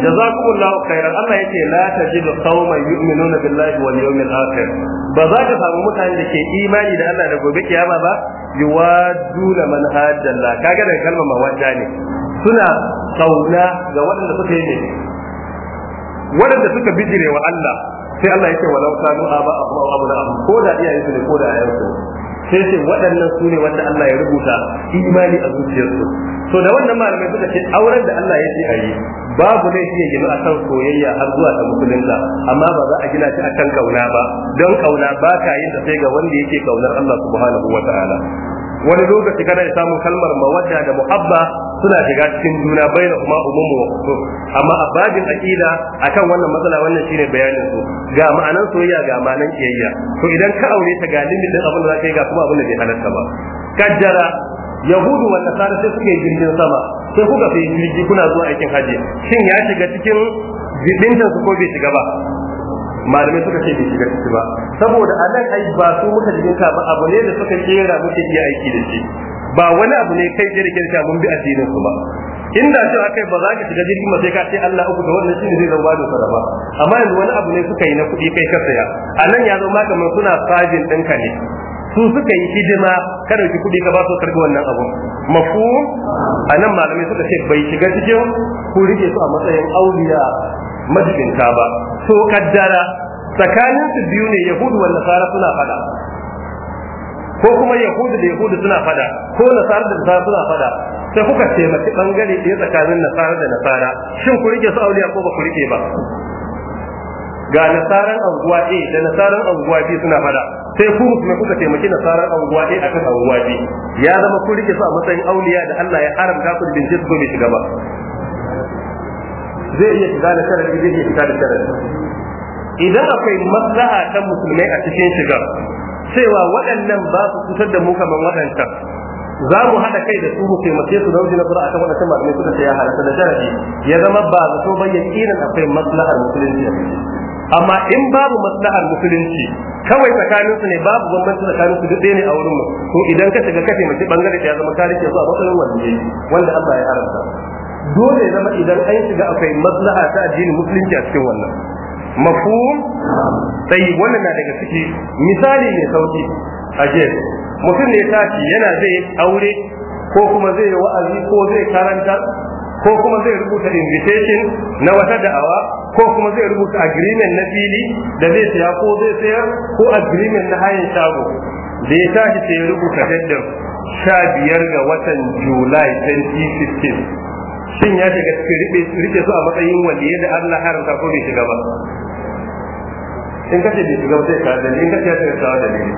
jazakumullahu khairan Allah yace la tajidu qauman yu'minuna billahi wal yawmil akhir ba za ka samu mutane da ke imani da Allah da gobe kiyama ba yuwaduna man haddalla kaga da kalmar mawadda ne suna kauna ga waɗanda suka yi ne waɗanda suka bijire wa Allah sai Allah yake walau kanu aba abu abu da ko da iyayensu ne ko da ayansu sai ce waɗannan su ne wanda Allah ya rubuta imani a zuciyarsu to da wannan malamai suka ce auren da Allah ya ce a yi babu ne ya gina akan soyayya har zuwa ta musulunta amma ba za a gina shi akan kauna ba don kauna ba ka yin ta sai ga wanda yake kaunar Allah subhanahu wa ta'ala wani lokaci kana da samun kalmar mawadda da muhabba suna shiga cikin juna da kuma umumu wa kusur amma a babin aqida akan wannan matsala wannan shine bayanin su ga ma'anan soyayya ga ma'anan kiyayya to idan ka aure ta ga limitin din abin da ka yi ga kuma abin da bai halarta ba kaddara yahudu wa nasara sai suke jirgin sama sai kuka fi jirgi kuna zuwa aikin hajji. shin ya shiga cikin jirgin ko bai shiga ba malamai suka ce bai shiga ciki ba saboda a nan ai ba su muka jikinta ba abu ne da suka kera muke iya aiki da shi ba wani abu ne kai jirgin ka mun bi addinin su ba inda shi akai ba za ka shiga jirgin sai ka ce Allah uku da wannan shine zai zama da ba amma yanzu wani abu ne suka yi na kuɗi kai ka saya a nan ya zama kamar suna fajin ɗinka ne su suka yi hidima ka dauki kuɗi ka ba su karɓi wannan abu mafu a nan malamai suka ce bai shiga cikin ku rike su a matsayin auliya majibinta ba to kaddara tsakaninsu su biyu ne yahudu wa nasara suna fada ko kuma yahudu da yahudu suna fada ko nasara da nasara suna fada sai kuka taimaki bangare ɗaya tsakanin nasara da nasara shin ku rike su auliya ko ba ku rike ba ga nasaran anguwa A da nasaran anguwa B suna fada sai ku kuma kuka taimaki nasaran anguwa A akan anguwa B ya zama ku rike su a matsayin auliya da Allah ya haramta ku da bince su ko bai shiga ba zai iya shiga da sharadi zai iya shiga da sharadi idan akwai maslaha ta musulmai a cikin shiga cewa waɗannan ba su cutar da mu kamar waɗancan za mu haɗa kai da su mu taimake su da wajen fura akan waɗancan malamai suka ce ya halatta da sharadi ya zama ba so bayan kiran akwai maslahar musulunci a amma in babu maslahar musulunci kawai tsakanin su ne babu bambanci tsakanin su duk ne a wurin mu to idan ka shiga ka mace bangare ya zama ka rike zuwa matsayin ne wanda Allah ya haramta dole ya zama idan an shiga akwai maslaha ta addinin musulunci a cikin wannan mafhum sai wannan na daga ciki misali mai sauki a mutum ne tashi yana zai aure ko kuma zai wa'azi ko zai karanta ko kuma zai rubuta invitation na wata da'awa ko kuma zai rubuta agreement na fili da zai saya ko zai sayar ko agreement na hayan shago da ya tashi sai rubuta daddar sha biyar ga watan july 2015 shin ya shiga cikin rike su a matsayin waliye da Allah haramta ko bai shiga ba in kace bai shiga ba sai ka dalili in kace ya shiga ka dalili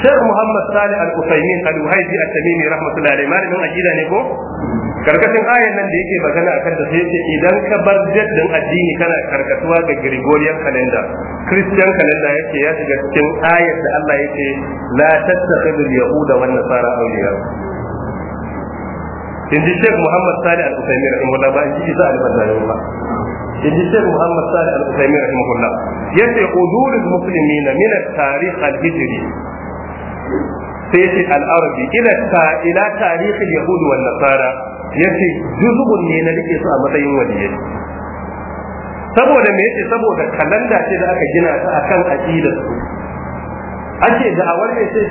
Sheikh Muhammad Salih Al-Uthaymeen al wahidi Al-Tamimi rahmatullahi alayhi malamin aqida ne ko karkashin ayan nan da yake magana akan da sai ce idan ka bar jaddin addini kana karkatuwa ga Gregorian calendar Christian calendar yake ya shiga cikin ayar da Allah yake la tattakhidul yahuda wan nasara awliya in ji Sheikh Muhammad Sani Al-Usaimi rahimahullah ba in ji Isa Al-Fadlani ba in ji Sheikh Muhammad Sani Al-Usaimi rahimahullah yace udulul muslimin min at-tarikh al-hijri sai yace al-arabi ila ila tarikh al-yahud wan nasara ce, juzubun ne na rike su a matsayin waliyai saboda me yace saboda kalanda ce da aka gina ta akan aqidar su ake awar ne ce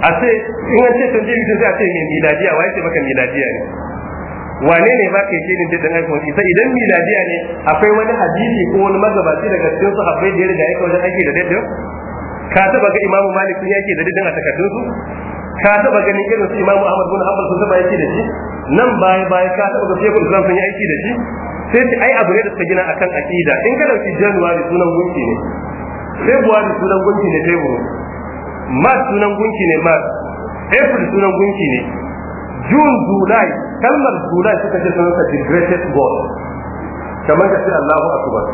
a ce in an ce tanjiri sai a ce mai miladiya wa yace maka miladiya ne wane ne ba ka yi shirin dindin aikon isa idan miladiya ne akwai wani hadisi ko wani magabaci daga cikin su akwai da ya riga ya kawo wajen aiki da daidai ka taba ga imamu malik sun yake da daidai a takardun su ka taba ganin irin su imamu ahmad bin hanbal sun taba yake da shi nan baya baya ka taba ga shekul islam sun yi aiki da shi sai ce ai abu ne da suka gina akan aqida in ka dauki januwari sunan gunki ne Februari sunan gunki ne february mars sunan gunki ne mars april sunan gunki ne june july kalmar july suka ce sunan sa the greatest god kamar ka ce allahu akbar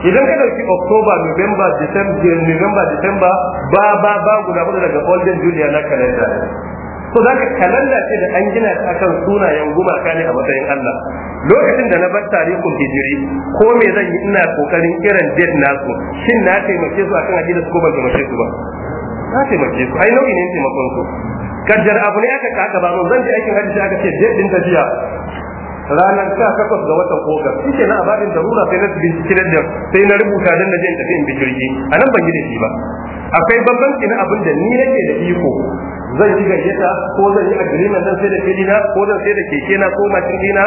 idan ka dauki october november december november december ba ba ba guda bude daga golden julia na kalenda so zaka kalanda ce da an gina ta akan sunayen gumaka ne a matsayin Allah lokacin da na bar tarihin hijiri ko me zan yi ina kokarin irin date nasu shin na taimake su akan hadisi ko ban taimake su ba na taimake su ai nau'i ne taimakon su kajjar abu ne aka kaka ba mun zan ji aikin hadisi aka ce date din tafiya ranar sha takwas ga watan ogas shi ke na abadin darura sai na binciki na da sai na rubuta don na je in tafi in bi jirgi a nan ban yi da shi ba akwai babban na abin da ni nake da iko zan yi gayyata ko zan yi agreement zan sai da na ko zan sai da keke na ko mashin dina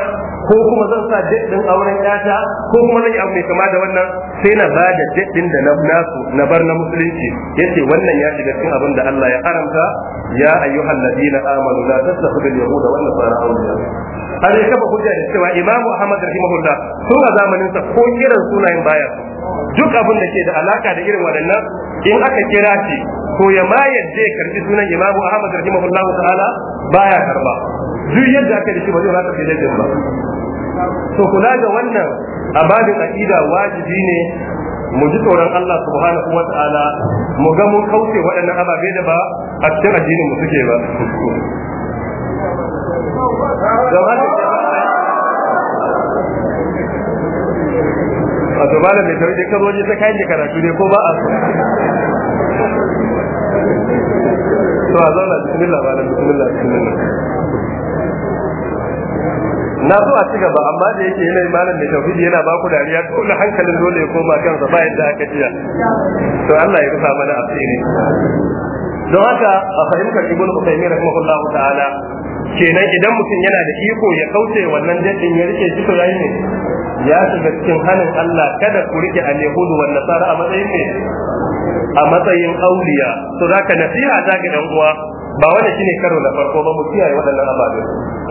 ko kuma zan sa date din auren yata ko kuma zan yi abu mai kama da wannan sai na ba da date din da na nasu na bar na musulunci yace wannan ya shiga cikin abin da Allah ya haramta ya ayyuhal ladina amanu la tattakhudhu al yahuda wan nasara awliya har ya ba hujja da cewa imamu ahmad rahimahullah tun a zamanin sa ko kiran sunayen baya duk abin da ke da alaka da irin waɗannan in aka kira shi ko ya ma yadda ya karbi sunan imamu ahmad rahimahullahu ta'ala baya karba duk yadda aka dace ba zai rasa sai da ba to kula da wannan abadin aqida wajibi ne mu ji tsoron Allah subhanahu wa ta'ala mu ga mun kauce waɗannan ababe da ba a cikin addinin mu suke ba a to malam mai tauhidi ka zo je ta kayan karatu ne ko ba a so to a zauna bismillah malam bismillah bismillah na zo a ci gaba amma da yake yanayin malam mai tauhidi yana ba ku dariya dole hankalin dole ya koma kansa ba yadda aka jiya to Allah ya rufa mana asiri don haka a fahimtar ibn Uthaymeen rahimahullahu ta'ala kenan idan mutum yana da iko ya kauce wannan jaddin ya rike shi to yayi ne ya shiga cikin hannun Allah kada ku rike a yahudu wanda tsara a matsayin ne a matsayin auliya to zaka nasiha za ga dan uwa ba wanda ne karo na farko ba mu kiyaye waɗannan ababe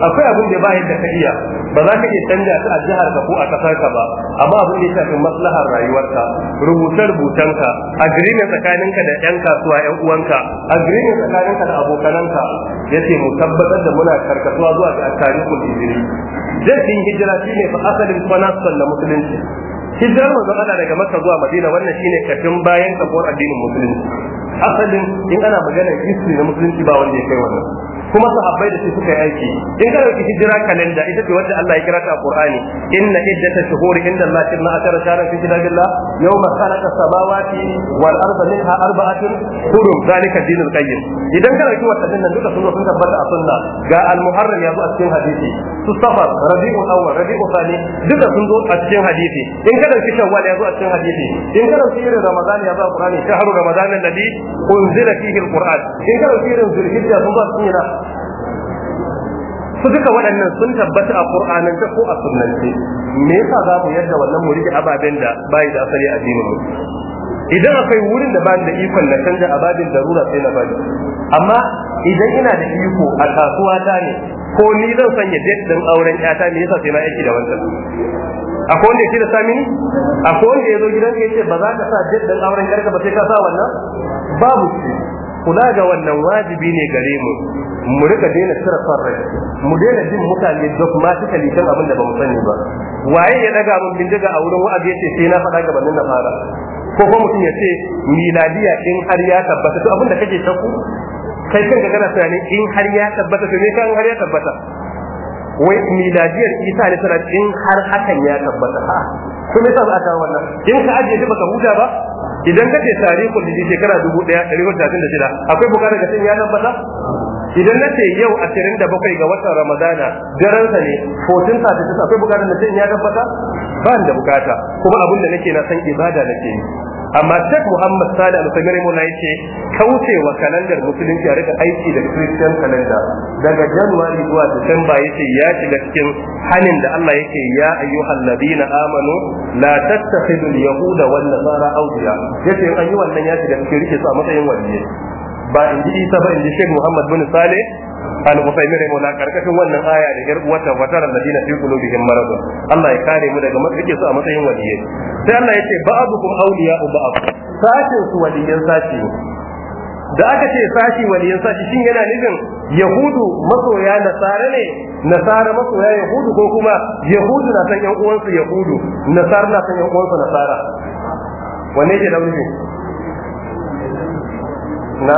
akwai abin da ba yadda ka iya ba za ka iya canja ta a jihar ka ko a kasar ka ba amma abin da ya shafi maslahar rayuwarka rubuce rubutanka agreement tsakaninka da yan kasuwa yan uwanka agreement tsakaninka da abokananka Ya ce mu tabbatar da muna karkatuwa zuwa ga tarihul hijiri zai hijira shi ne fa asalin kwanastan da musulunci hijirar manzon Allah daga Makka zuwa Madina wannan ne kafin bayan kafuwar addinin musulunci asalin in ana maganar history na musulunci ba wanda ya kai wannan kuma sahabbai da su suka yi aiki in ka dauki hijira kalenda ita ce wanda Allah ya kira ta Qur'ani inna iddata shuhuri inda Allah kirna akara sharan fi kitabillah yawma khalaqa samawati wal arda minha arba'atun hurum zalika dinul qayyim idan ka dauki wannan nan duka sun sun tabbata a sunna ga al muharram ya zo a cikin hadisi su safar rabi'ul awwal rabi'ul thani duka sun zo a cikin hadisi in ka dauki shawwal ya zo a cikin hadisi in ka dauki irin ramadan ya zo a Qur'ani shahru ramadan alladhi unzila فيه alquran in ka tafsirin zulhijja sun ba su فذلك su duka waɗannan sun tabbata a qur'anance ko a sunnance me yasa za mu yadda wannan mu ababen da da asali idan akwai wurin da bani da ikon na canja ababin darura sai na bani amma idan ina da iko a kasuwa ta ne ko ni zan sanya date din auren yata me yasa sai na aiki da wancan akwai wanda ke da sami akwai wanda ya zo gidan ya ce ba za ka sa jet din auren karka ba sai ka sa wannan babu shi kula ga wannan wajibi ne gare mu mu rika daina sarrafa rai mu daina jin mutane suka likan abin da ba mu sani ba waye ya daga mun bindiga a wurin wa'azi yace sai na faɗa gabanin na fara ko kuma mutum ya ce ladiya in har ya tabbata to abin da kake shakku kai kanka kana tunani in har ya tabbata to me kan har ya tabbata wai miladiyar isa ne tana in har hakan ya tabbata kuma yasa ba a kawo wannan in ka ajiye shi baka huta ba idan ka ce tarihi da shekara dubu ɗaya ɗari hudu talatin da shida akwai bukatar ka ya tabbata idan na ce yau ashirin da bakwai ga watan ramadana daransa ne 14 akwai bukatar na ce ya tabbata ba da bukata kuma abin da nake na san ibada nake yi amma Sheikh Muhammad Sale al sagari mun yace wa kalandar musulunci a rika aiki da Christian calendar daga January zuwa December yace ya shiga cikin hanin da Allah yake ya ayyuhal ladina amanu la tattakhidul yahuda wan nasara awliya yace an yi wannan ya shiga cikin rike su a matsayin waliyyi ba in ji isa ba in ji shek muhammad bin sale al-usaymi rahimahullah karkashin wannan aya da yar uwata fatara ladina fi qulubihim maradun Allah ya kare mu daga matsike su a matsayin waliyyi sai Allah ya ce awliya awliya'u ba'd sashin su waliyan sashi da aka ce sashi waliyan sashi shin yana nufin yahudu masoya nasara ne nasara masoya yahudu ko kuma yahudu na san yan uwansu yahudu nasara na san yan uwansu nasara wanne ke da na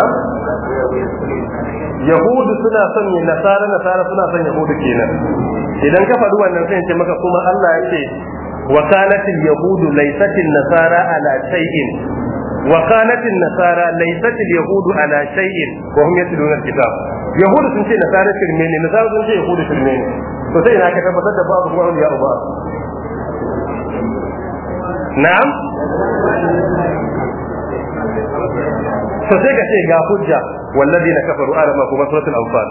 yahudu suna son ne nasara nasara suna son yahudu kenan idan ka faɗi wannan sai ce maka kuma Allah ya ce wa kanatil yahudu laysatil nasara ala shay'in wa kanatil nasara laysatil yahudu ala shay'in wa hum yatluna alkitab yahudu sun ce nasara shirme ne nasara sun ce yahudu shirme ne to sai ina ka tabbatar da babu ruwan ya uba na'am to sai ka ce ga hujja wallazi na kafaru arama kuma suratul anfal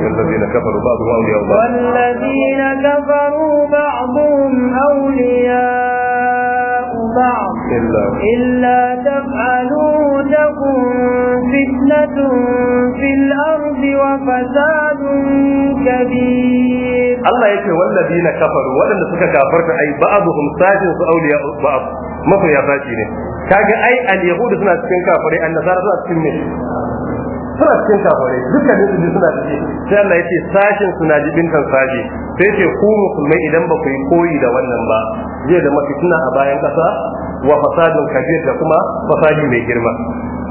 الذين كفروا بعضهم أولياء بعض
والذين كفروا بعضهم أولياء بعض إلا, إلا تفعلوا تكن فتنة في الأرض وفساد كبير
Allah yake na kafaru waɗanda suka kafarta ai hum sajin su awliya mafi ya sashi ne kage ai al yahudu suna cikin kafare an nasara suna cikin ne suna cikin kafare dukkanin su suna cikin sai Allah ce sajin suna jibin kan sashi sai yace ku musulmai idan ba ku yi koyi da wannan ba zai da mafitina a bayan kasa wa fasadun kabir da kuma fasadi mai girma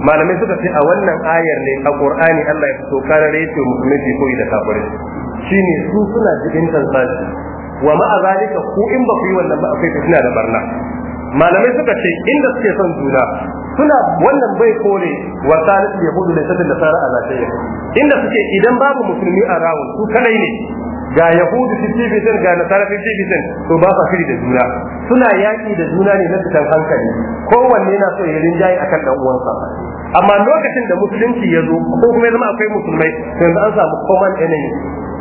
malamai suka ce a wannan ayar ne a qur'ani Allah ya fito karare yace musulmai koyi da kafare shine su suna cikin tansashi wa ma'a zalika ku in ba ku yi wannan ba akwai fitina da barna malamai suka ce inda suke son juna suna wannan bai kore wa salatu yahudu da sara a ala inda suke idan babu musulmi a rawun su kadai ne ga yahudu su 50% ga nasara 50% to ba sa shiri da juna suna yaƙi da juna ne na fitan hankali kowanne na so ya rinjaye akan dan uwansa amma lokacin da musulunci ya zo ko kuma ya zama akwai musulmai to yanzu an samu common enemy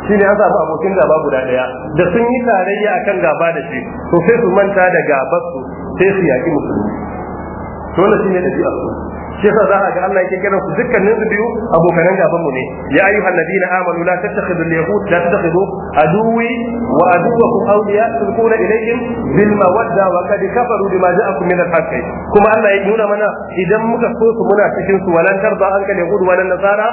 shi ne an samu abokin gaba guda ɗaya da sun yi tarayya akan gaba da shi to sai su manta da gabar su sai su yaƙi musulmi to wannan shine da su shi yasa za a ga Allah yake kiran su dukkanin su biyu abokanan gaban mu ne ya ayyuhan ladina amanu la tattakhidhu al-yahud la tattakhidhu aduwi wa aduwakum awliya tulquna ilayhim bil mawadda wa qad kafaru bima ja'akum min al kuma Allah ya nuna mana idan muka so su muna cikin su walan tarda an kal yahud walan nasara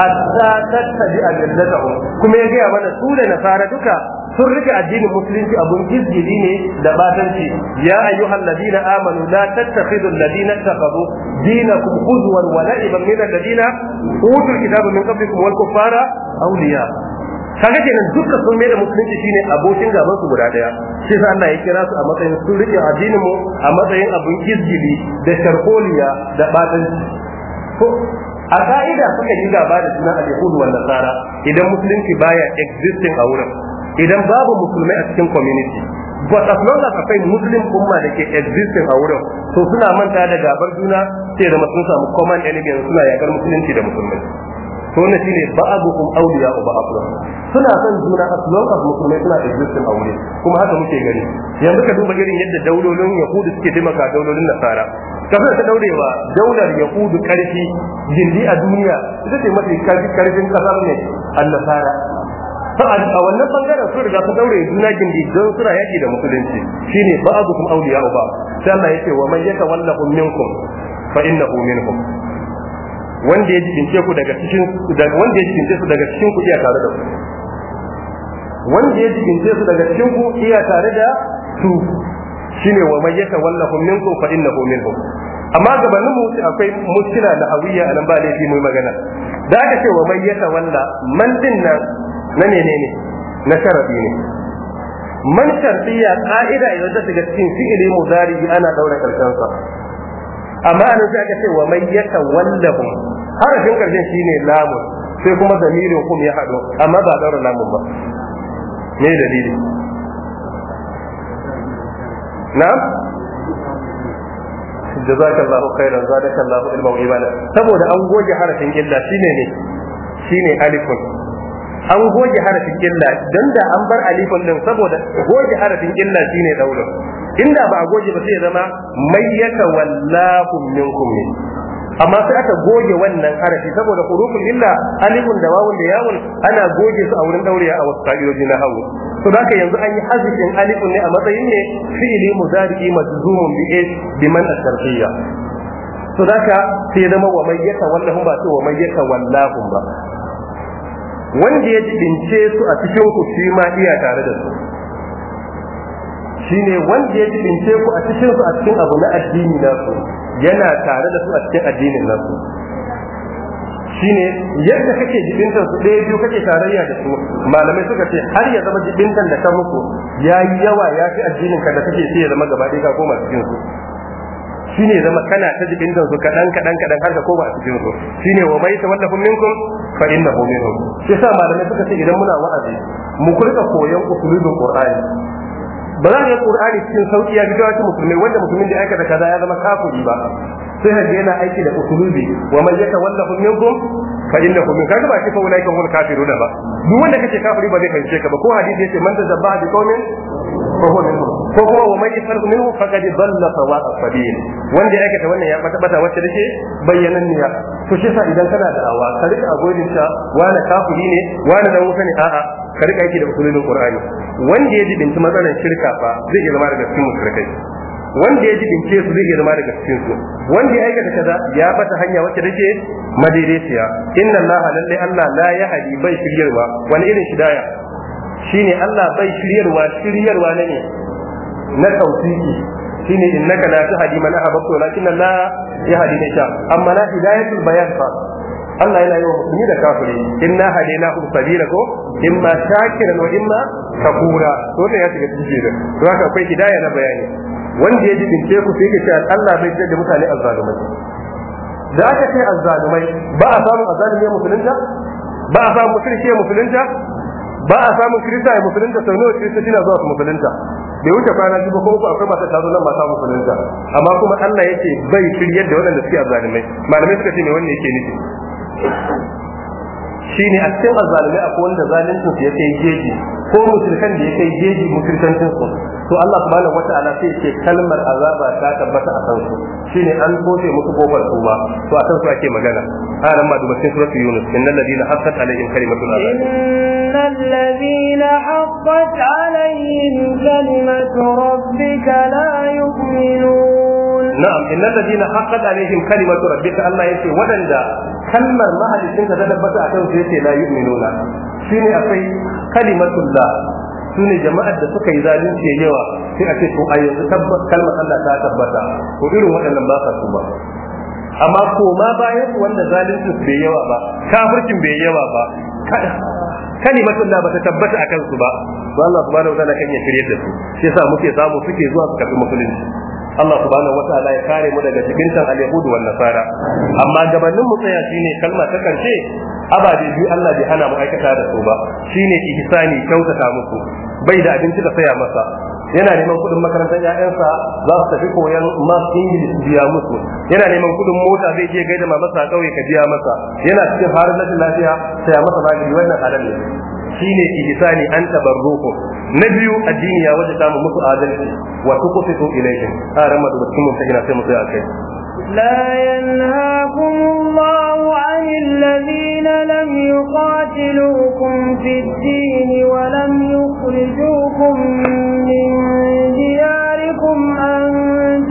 hatta tattabi'a millatahum kuma ya ga mana su da nasara duka sun rike addinin musulunci abun izgili ne da batanci ya ayyuhal alladina amanu la tattakhidhu alladina taqabu dinakum huzwan wa la'iban min alladina utul kitaba min qablikum wal kuffara awliya kaga kenan duka sun mai da musulunci shine abokin gaban su guda daya shi yasa Allah ya kira su a matsayin sun rike addinin mu a matsayin abun izgili da sharkoliya da batanci ko a ka'ida suka yi gaba da sunan al-yahud wal nasara idan musulunci baya existing a wurin idan babu musulmai a cikin community but as long as akwai muslim umma da ke existing a wurin to suna manta da gabar juna sai da sun samu common enemy suna yakar musulunci da musulmai to ne shine ba'abukum awliya wa ba'abu suna son juna as long as musulmai suna existing a wurin kuma haka muke gani yanzu ka duba irin yadda daulolin yahudu suke taimaka daulolin nasara kafin ta daurewa daular yahudu karfi gindi a duniya ita ce mafi karfin kasar ne annasara a wannan bangaren sun riga sun daure juna gindi don suna yaki da musulunci shine ba'dukum awliya ba sai Allah yake wa man yatawallahu minkum fa innahu minhum wanda ya jikince ku daga cikin wanda ya jikince su daga cikin ku iya tare da ku wanda ya jikince su daga cikin ku iya tare da su shine wa man yatawallahu minkum fa innahu minhum amma gabanin mu akwai muskila na hawiya nan ba laifi mai magana da aka ce wa man yatawalla man din nan na menene na sharadi ne man shartiya ka'ida idan ta daga cikin fi'ili mudari ana daura karshen sa amma an sai aka ce wa man wallahu harafin karshen shine lamu sai kuma zamirin kum ya hado amma ba daura lamun ba me dalili na'am jazakallahu khairan zadakallahu ilman wa ibada saboda an goge harafin illa shine ne shine alifun an goge harafin illa don da an bar alifin din saboda goge harafin illa shine daular inda ba a goge ba sai zama mayyata wallahu minkum amma sai aka goge wannan harafi saboda hurufin illa alifun da wawun da yawun ana goge su a wurin daurewa a wasu ka'idoji na hawo to haka yanzu an yi hazifin alifun ne a matsayin ne fi'ili muzariki majzumun bi eh, bi man asharfiyya to haka sai zama wa mayyata wallahu ba sai wa mayyaka wallahu ba wanda ya jibince su a cikin ku shi ma iya tare da su shi ne wanda ya jibince ku a cikin su a cikin abu na addini su yana tare da su a cikin addinin shi shine yadda kake jibintar su ɗaya biyu kake tarayya da su malamai suka ce har ya zama jibintar da ka muku ya yi yawa ya fi addinin ka da kake sai ya zama gaba ɗaya ka koma cikin su shine zama kana ta jikin da su kadan kadan kadan har ka koma a cikin su shine wa mai tawallahu minkum fa innahu minhum shi sa malamai suka ce idan muna wa'azi mu kurka koyon usulul qur'ani ba za ka yi qur'ani cikin sauki ya fito ta musulmai wanda musulmin da aikata kaza ya zama kafiri ba sai hajji yana aiki da usulubi wa man yatawallahu minkum fa innahu min kaga ba ce fa ulaikum hul kafiruna ba duk wanda kace kafiri ba zai kance ka ba ko hadisi yace man tazabba bi qaumin fa huwa minhum ko kuma wa man yasfarku minhu faqad dalla sawa'a sabil wanda ya aikata wannan ya bata bata wacce take bayyanan niyya to shi sa idan kana da awa ka rika agodin ta wani kafiri ne wani dan wuta ne a'a ka rika yake da usulun qur'ani wanda ya jibinci matsalar shirka fa zai iya zama daga cikin mushrikai wanda ya ji jibince su zai iya zama daga cikin su wanda ya aikata kaza ya bata hanya wacce take madaidaiciya inna allaha lalle allah la yahdi bai shiryarwa wani irin shidaya shine allah bai shiryarwa shiryarwa ne na tawfiki shine innaka la tahdi man ahbabta walakin allah yahdi man sha amma la hidayatul bayan fa Allah yana yi wa musulmi da kafiri inna hadaina hum sabila ko imma shakiran wa imma kafura to ne ya shiga cikin jira to haka akwai hidaya na bayani wanda ya jibince ku sai ke Allah bai da mutane azzalumai da aka ce azzalumai ba a samun azzalumi musulunta ba a samun kirki musulunta ba a samun kirista ya musulunta sau nawa kirista tana zuwa su musulunta bai wuce kwana biyu ba ko uku akwai masu tazo nan masu musulunta amma kuma Allah yake bai shiryar da waɗanda suke azzalumai malamai suka ce me wannan yake nufi shine a cikin azzalimai akwai wanda zalincin su ya kai jeji ko musulkan da ya kai jeji musulkancin su to Allah subhanahu wata'ala sai ce kalmar azaba ta tabbata a kansu shine an kofe musu kofar tuba to a kansu ake magana a ma duba cikin suratul yunus innal ladina haqqat alaihim kalimatul azab
innal ladina haqqat alaihim kalimatu rabbika la
na'am innal ladina haqqat alaihim kalimatu rabbika Allah yace wadanda kalmar mahalicin ka da bata akan su yace la yu'minuna shine akwai kalimatullah shine jama'ar da suka yi zalunci yawa sai a ce to a tabbata tabbas kalmar Allah ta tabbata ko irin waɗannan ba sa ba. amma ko ma bayan wanda zalunci bai yawa ba kafirkin bai yawa ba kalimatu da bata tabbata a kansu ba to Allah subhanahu ta'ala kan ya shirye da su shi yasa muke samu suke zuwa su kafi musulunci Allah subhanahu ta'ala ya kare mu daga jibintan al-yahud wal nasara amma gabanin mu tsaya shine kalma ta karshe ababe biyu Allah bi hana mu aikata da su ba shine ihsani kyautata musu bai da abinci da saya masa yana neman kudin makarantar ƴaƴansa za su tafi koyan mas English biya musu yana neman kudin mota zai je gaida mamarsa a ka biya masa yana cikin harin lafiya saya masa magani wannan halal ne shine ki ihsani an tabarruku na biyu addini ya waje samu musu adalci wa tuqsitu ilayhim a ramadu da kuma ta ina sai mu tsaya kai
لا ينهاكم الله عن الذين لم يقاتلوكم في الدين ولم يخرجوكم من دياركم أن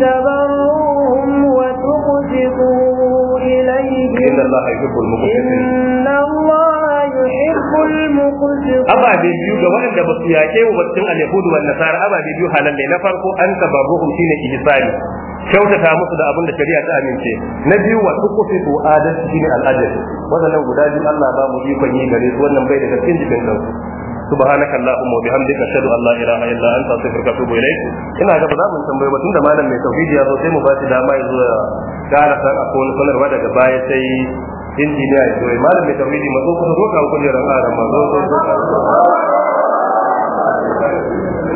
تبروهم وتقسطوا إليهم إن
الله يحب المقسطين
إن الله ababe
biyu ga waɗanda ba su yaƙe wa bakin al-yahudu wal nasara ababe biyu halan ne na farko an tabarruhum shine ihsani kyautata musu da abin da shari'a ta amince na biyu wa tuqfitu adalci shine al-adl wannan guda biyu Allah ba mu ikon yi gare su wannan bai daga cikin jikin kansu subhanaka allahumma wa bihamdika ashhadu an la ilaha illa anta astaghfiruka wa atubu ilayk ina ga ba za mu tambaye ba da malam mai tauhidi ya zo sai mu ba shi dama ya zo ya gara san akwai sanarwa daga baya sai injiniya ya zoye malam mai tauhidi mazo kusa zo ka kujerar tsarin mazo zo zo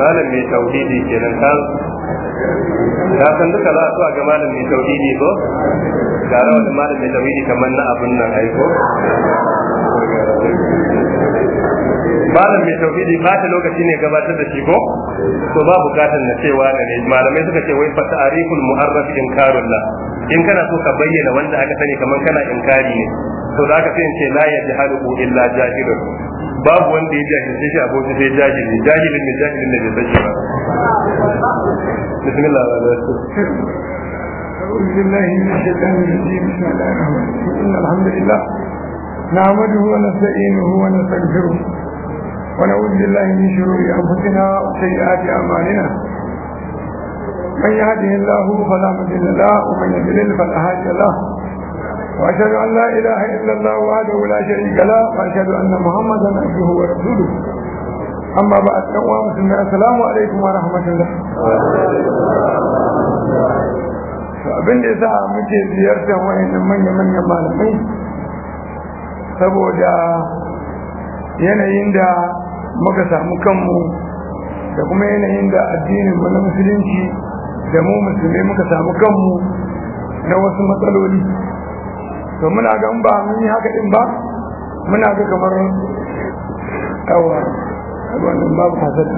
malam mai tauhidi kenan kan ka san duka za a so ga malam mai tauhidi ko gara wani malam mai tauhidi kamar na abun nan aiko malam mai tauhidi ba ta lokaci ne gabatar da shi ko to ba bukatar na cewa ne malamai suka ce wai fa ta'riful karun inkarullah in kana so ka bayyana wanda aka sani kamar kana inkari ne to za ka sai ce la ya jahaluhu illa jahilun babu wanda ya jahilce shi abokin sai jahili jahilin mai jahilin da bai san ba bismillah
أعوذ بالله من الشيطان الرجيم بسم الله الرحمن الرحيم إن الحمد لله نعمده ونستعينه ونستغفره ونعوذ بالله من شرور أنفسنا وسيئات أعمالنا من يهده الله فلا مضل له ومن يضلل فلا هادي له واشهد ان لا اله الا الله وحده لا شريك له واشهد ان محمدا عبده ورسوله اما بعد يا مسلمين السلام عليكم ورحمه الله abin da yasa muke ziyartar wayannan manya-manyan malamai saboda yanayin da muka samu kanmu da kuma yanayin da addinin mu na musulunci da mu musulmi muka samu kanmu na wasu matsaloli to muna gan ba mun yi haka din ba muna ga kamar kawa
wannan babu hasada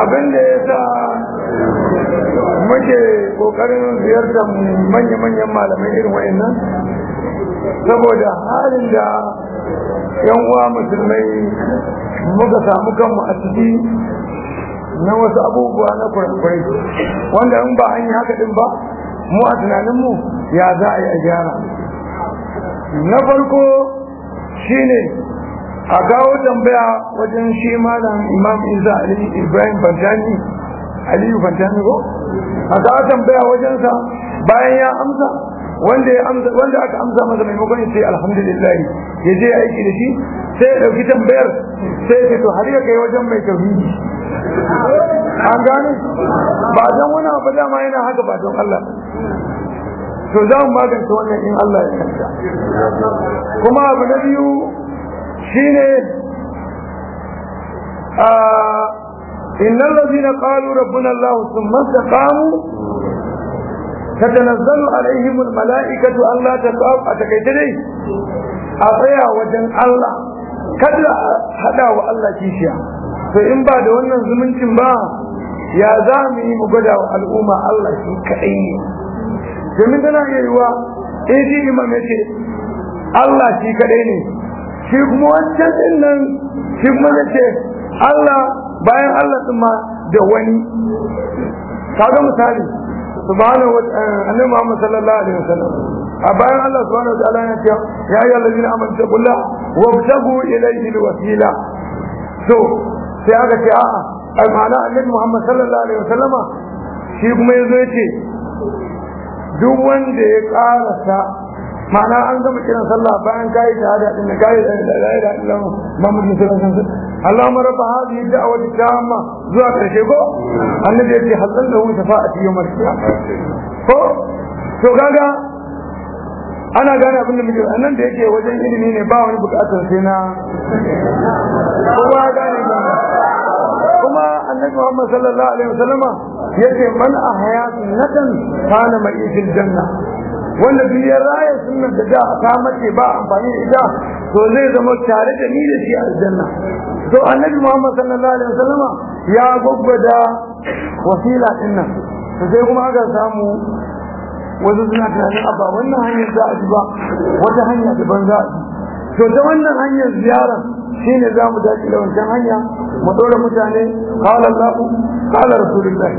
abin da ya sa muke kokarin ziyartar manya-manyan malamai irin nan saboda halin da yan uwa musulmai muka samu kanmu a ciki na wasu abubuwa na kwarai wanda in ba an yi haka din ba mu a tunaninmu ya za a yi a gyara na farko shi ne a gawo tambaya wajen shi malam imam isa ali ibrahim fantani aliyu fantani ko a gawo tambaya wajensa bayan ya amsa wanda ya amsa wanda aka amsa masa maimakon ya ce alhamdulillah ya je aiki da shi sai ya dauki tambayar sai ya to har ya kai wajen mai tauhidi an gane ba don wani abu dama yana haka ba don Allah to za mu magance wannan in Allah ya yarda kuma abu na biyu shine a إن الذين قالوا ربنا الله ثم استقاموا tatanazzalu alaihim almalaikatu Allah ta tsaf a takaice dai a tsaya wajen Allah kada hada wa Allah kishiya to in ba da wannan zumuncin ba ya za mu yi mu gwada wa al'umma Allah shi kaɗai ne domin tana iya in shi imam ya ce Allah shi kaɗai ne shi kuma wancan ɗin shi kuma ya ce Allah bayan Allah ɗin ma da wani kaga misali subhanahu wa annabi Muhammad sallallahu alaihi wasallam a bayan Allah subhanahu wa ta'ala ya ce ya ayyuhal ladina amanu taqullah wabtagu ilayhi alwasila So sai aka ce a'a ai ma'ana annabi Muhammad sallallahu alaihi wasallam shi kuma yazo yace duk wanda ya karasa ma'ana an gama kiran sallah bayan kai shahada din da la ilaha illallah muhammadu sallallahu alaihi wasallam Allahumma rabb hadhihi da'wati tamma zuwa karshe ko annabi ce halal lahu shafa'ati yawm al-qiyamah ko to kaga ana gane abin da muke nan da yake wajen ilimi ne ba wani bukatar sai na
kowa gane ba
kuma annabi Muhammad sallallahu alaihi wasallam yace man ahya sunnatan kana ma'itil janna wanda duniyar raya sunan da da ta mace ba amfani da ita to zai zama tare da ni da shi aljanna to annabi Muhammad sallallahu alaihi wasallam ya gwaggwada wasila din nan to sai kuma aka samu wasu suna tunanin a wannan hanyar za a ji ba wata hanya daban za a ji to ta wannan hanyar ziyara shine za mu dace da wancan hanya mu dora mutane qala Allah qala rasulullah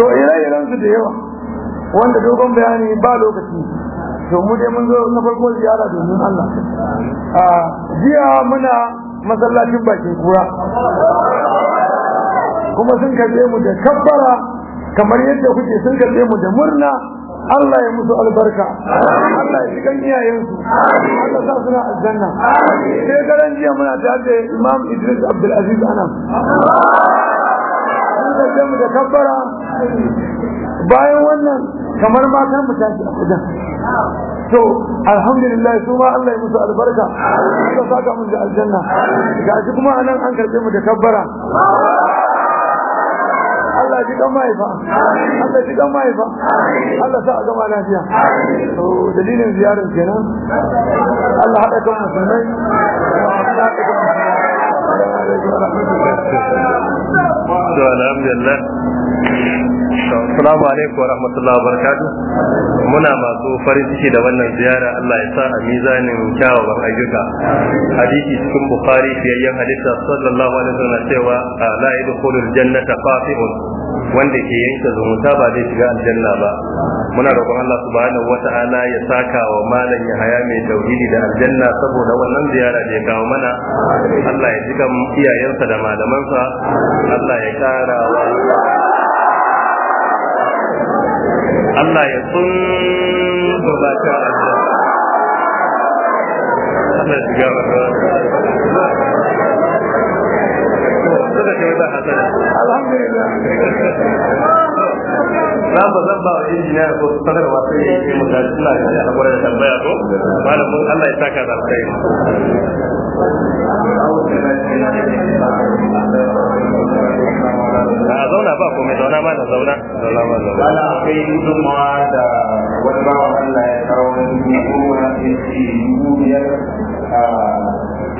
to ire irensu da yawa wanda dogon bayani ba lokaci to mu dai mun zo na farko ziyara domin Allah a jiya muna masallacin bakin kura kuma sun karbe mu da kabbara kamar yadda kuke sun karbe mu da murna Allah ya musu albarka Allah ya kan iyayensu Allah sa suna aljanna sai garan jiya muna tare Imam Idris Abdul Aziz Anam sun karbe mu da kabbara bayan wannan kamar ma kan mu tashi a kudan to alhamdulillah su ma Allah ya musu albarka ka saka mu da aljanna ga shi kuma anan an karbe mu da kabbara Allah ji dan mahaifa Allah ji dan mahaifa Allah sa a gama lafiya to dalilin ziyarar kenan Allah hada kan musulmai wa hada
kan sanai. Muna masu farin ciki da wannan ziyara Allah ya sa a mizanin kyawawan ayyuka. Hadisi cikin Bukhari fiyayyen hadisa sallallahu alaihi wasallam cewa ah, la yadkhulu aljannata fasiqun wanda ke yanke zumunta ba zai shiga aljanna ba. Muna roƙon Allah subhanahu wata'ala ya saka wa malam ya haya mai tauhidi da aljanna saboda wannan ziyara da ya kawo mana. Allah ya jikan iyayensa da malamansa. Allah ya tarawa Allah ya sun babata a
Allah ya shiga ba
Alhamdulillah za ba zan ba wa injiniya ko sanarwa sai ya yi mu suna da ya hakura da tambaya ko malamin Allah ya saka da kai a zauna ba komai zauna ma da zauna zauna ma zauna ana kai gudunmawa da wani bawan Allah ya karo wani gudunmawa na ce dubu biyar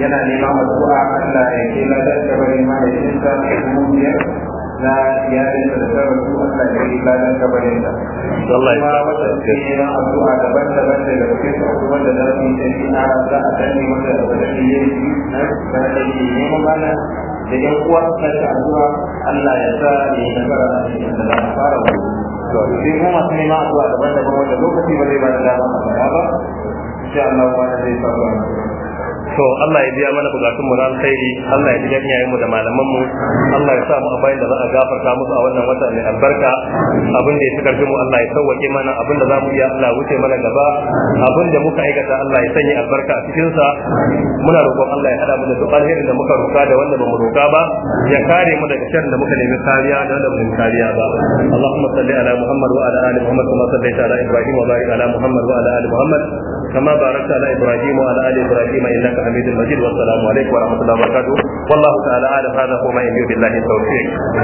yana neman a Allah ya ke ladar da bari mahaifinsa dubu biyar na yarinta da ta rasu Allah ya yi ladan kabarin da kuma wata ce na addu'a daban-daban da daga cikin abubuwan da za su yi ta shi na za a danne mata da wata shi ne na da ke ma mana da yan uwa suna ta addu'a Allah ya sa ya yi a cikin da za a fara wani sai kuma masu neman addu'a daban-daban wanda lokaci ba zai ba da dama a ba insha Allah wani zai faru a to Allah ya biya mana bukatun mu na alkhairi Allah ya ji yayin mu da malaman mu Allah ya sa mu abin da za a gafarta musu a wannan wata mai albarka abin da ya fi mu Allah ya sauwake mana abin da za mu iya Allah wuce mana gaba abin da muka aikata Allah ya sanya albarka a cikin sa muna roƙon Allah ya hada mu da duk alherin da muka roƙa da wanda ba mu roƙa ba ya kare mu daga sharrin da muka nemi kariya da wanda bamu kariya ba Allahumma salli ala Muhammad wa ala ali Muhammad kama sallaita ala Ibrahim wa barik ala Muhammad wa ala ali Muhammad kama barakta ala Ibrahim wa ala ali Ibrahim innaka حميد مجيد والسلام عليكم ورحمه الله وبركاته والله تعالى اعلم هذا هو ما يليق بالله التوفيق